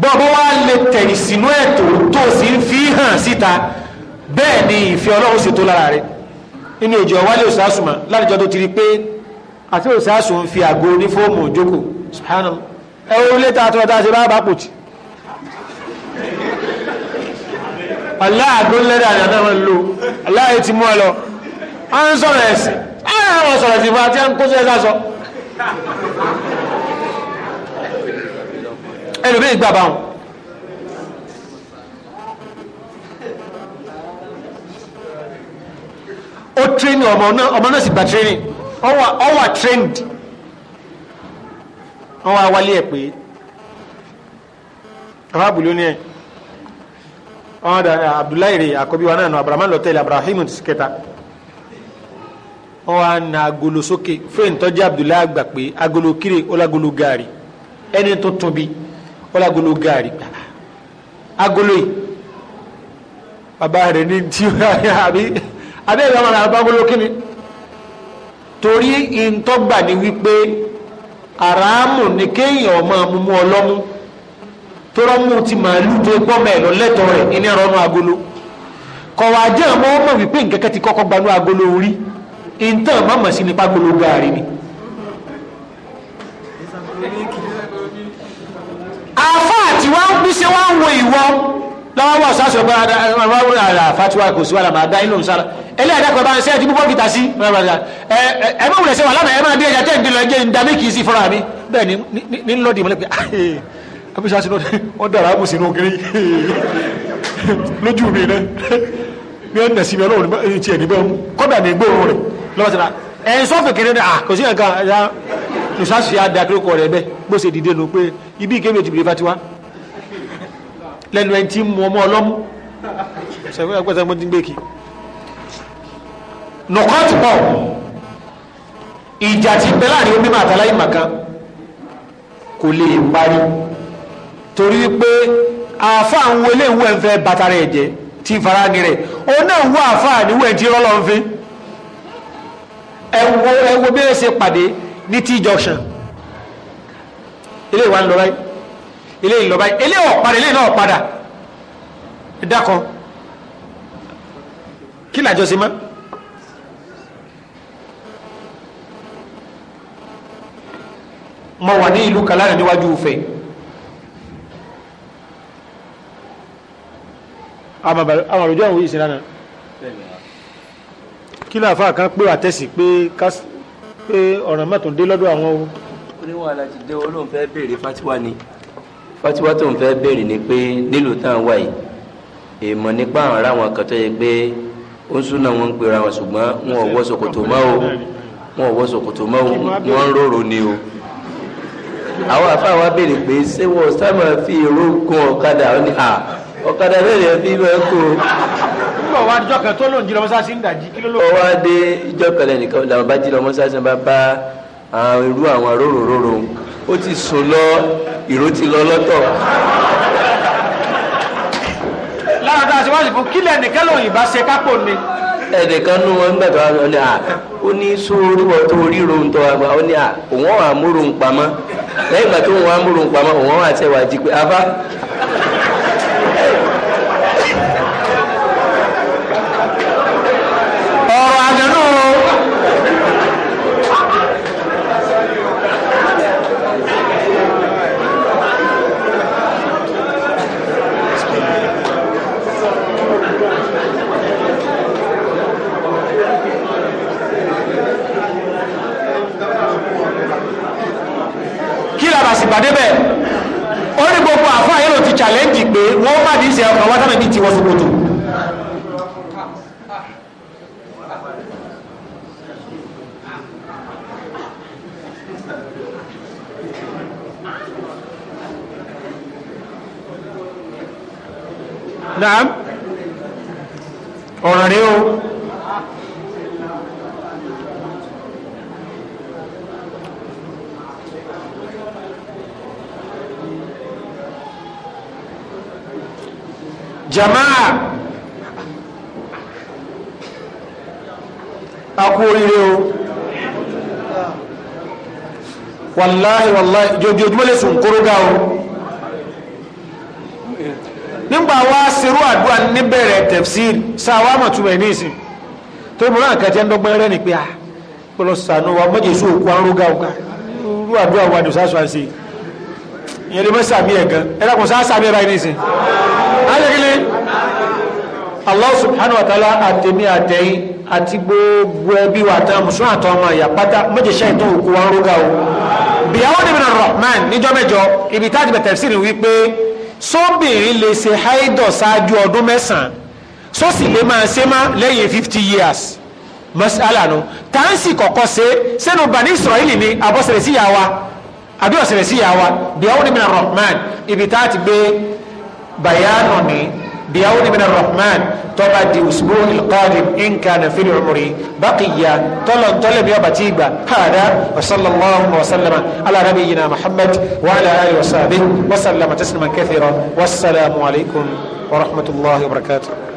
bọ́ọ̀bù wa lè tẹ̀yìn sínú ẹ̀ tó tó sì ń fi hàn síta bẹ́ẹ̀ ni ìfẹ́ ọlọ́run ṣètò lára rẹ̀ inú òjò wálé òsàásù mà ládìjọ tó ti rí pé àti òsàásù ń fi àgbo ní fóòmù òjókòó subhanallah ẹ wo lé tá a tọ́ ta ṣe bá bá pò tì aláàgbó lẹ́dà ni àtàwọn ń lò aláàyè ti mú ẹ lọ a ń sọ̀rọ̀ ẹ̀sìn a ń sọ̀rọ̀ ẹ̀sìn fún àti à ń sọ ẹlòmíì gbà báwọn o tírénì ọmọ náà ọmọ náà sì gba ọ wà trained wọ́n wá wálé ẹ̀ pé arábù ló ní ẹ̀ ọmọ dàdà Abdullahi rè àkọ́bí wa náà nù Abrahamu lọ́tẹ̀lẹ̀ Abrahamu ti kẹta na agolo sókè fẹ́ẹ̀ ntọ́jú Abdullahi àgbà pé agolo kiri ọlágolo gaari ẹni agolo yìí yà abẹ́rẹ́ ọmọ náà bá gbóló torí ìntọ́gbà ni wípé àràámù ni kéèyàn ọmọ amúmú ọlọ́mú tó rọ́mú ti màálù tó gbọ́ mẹ́ẹ̀lọ lẹ́tọ̀ rẹ̀ ní ẹ̀rọ̀nù agolo kọ̀wá jẹ́ àmọ́ ọmọ wípé nkẹ́kẹ́ ti kọ́kọ́ gbanú agolo orí ìntàn mọ̀mọ̀ sí nípa gbóló gaari ni. àfáà tí wọ́n ń gbíṣẹ́ wọ́n wo ìwọ lọ́wọ́ wọ̀ sásọ̀ pé ọ̀rọ̀ àrà fatiwa kò sí wàlà máa dá inú sára ilé ẹ̀dẹ́kọ̀ọ́ bá ń sẹ́yìn tí púpọ̀ fìtà sí ẹ̀mí wùlẹ̀ sẹ́wà lánàá ẹ̀ máa dé ẹja tẹ́ǹdì lọ jẹ́ ìdámé kìí sí fúnra mi bẹ́ẹ̀ ni ń lọ́dì mọ́lẹ́ pé abisa sinú wọn dara abùsí inú kiri lójú mi rẹ ní ẹnà sí mi ọlọ́run ní tiẹ̀ níbẹ̀ kọ́dà ní gbóòórùn rẹ lọ́wọ́ sẹ́la ẹ̀ ń sọ́fẹ̀ kiri ní kò sí nǹkan ìsásùn yà dá kílókọ̀ rẹ bẹ́ẹ̀ gbọ́sẹ̀ dìde nù pé ibi ìkéwì ti bìrì fatiwa lẹ́nu ẹni tí ń mu ọmọ ọlọ́mú ṣẹ̀fẹ́ ẹgbẹ́ta mo ti ń gbé kí. nùkọ́tù pọ̀ ìjà tí bẹ́ẹ̀ láàrin omi máa tàlàyé màkan kò lè parí torí pé àáfà ń wọlé ìwé ẹ̀fẹ́ bàtà rẹ̀ jẹ́ tí ń fara ní òun náà wọ àáfà níwẹ̀ tí rọ́lọ́ ń fi ẹ̀wọ̀ ẹ̀wọ̀ bí ẹ ṣe pàdé ní t junction ilé ìwà ń lọ báyìí eléyìí lọ́ba eléyìí ọ̀padà eléyìí náà ọ̀padà dákọ kí làjọ sí mọ́. mo wà ní ìlú kan lánàá níwájú Ifẹ̀ àwọn àròjọ àwọn òyìnbó lánàá kí láàfà kan pé àtẹ́sí pé pé ọ̀ràn mẹ́tòndínlọ́dọ̀ àwọn o. oníwàhálà ti dé olóhùn béèrè fatiwa ni. fatiwa tó ń fẹ́ béèrè ni pé nílùú tá à ń wà yìí èèmọ̀ nípa wọn kan yẹ pé ó ń wọn ń pera wọn ṣùgbọ́n wọn ò mọ́ o wọn ò wọ o wọn ń ni o àwọn afa wa pé ṣé wọn fi ìró gun ọ̀kadà ó ní à ọ̀kadà bẹ́ẹ̀ yẹn fi máa kó. nígbà wa àdìjọ kan tó lòun jí lọmọsáàsì ń dàjí kí ló lò. bá jí bá bá irú ó ti sùn lọ ìró ti lọ lọtọ. lára tá a ṣe wá sí fún kílẹ̀ nìkan lòun ìbá ṣe kápò ni. ẹnìkan nú wọn gbàgbọ́ àwọn ọ̀nà à ó ní sóorí wọn tó rí rohun tó àgbà ó ní òun àwọn amúrun pamọ́ lẹ́yìn ìgbà tó náà ọ̀rọ̀ rẹ o jama'a akú oríire o wàláhì wàláhì jòjòjúmọ́lẹ̀ sùn kúrúgá o ṣerú àdúrà níbẹ̀rẹ̀ tafsir sáwá mọ̀túnmẹ̀ ní ìsìn tó mọ̀ náà kẹjẹ ń dọ́gbọ́n rẹ̀ ní pé a ah, pẹ̀lọ sànú wa mọ́jẹ̀ sí òkú arúgá ọ̀gá irú àdúrà wa ní sáṣọ àṣẹ ìyẹn lè mọ́ sàmì ẹ̀ gan ẹ̀rọ kò sáà sàmì ẹ̀ báyìí ní ìsìn alẹ́kìlẹ̀ Allah subhanahu wa ta'ala àtẹ̀mí àtẹ̀yìn àti gbogbo ẹbí wa tán mùsùlùmí àtọ́ òkú arúgá o bìyàwó ni mi rọ̀ mẹ́rin níjọ́ mẹ́jọ ibi táàtì bẹ̀tẹ̀ wípé sóbìnrin lè ṣe haidọ̀ ṣáájú ọdún mẹ́sàn-án sósì lè máa ṣe má lẹ́yìn fifty years masala nu tansi kọ́kọ́ ṣe sẹ́nu bani israeli ni abọ́sẹ̀rẹ̀ sí yàwá àbí ọ̀sẹ̀rẹ̀ sí yàwá bí àwọn onímọ̀ rahman ibi tá a ti gbé bayanu ni. بيون من الرحمن تبا دي اسبوع القادم ان كان في العمر بقية طلب طلب يا بتيبا هذا وصلى الله وسلم على نبينا محمد وعلى اله وصحبه وسلم تسليما كثيرا والسلام عليكم ورحمة الله وبركاته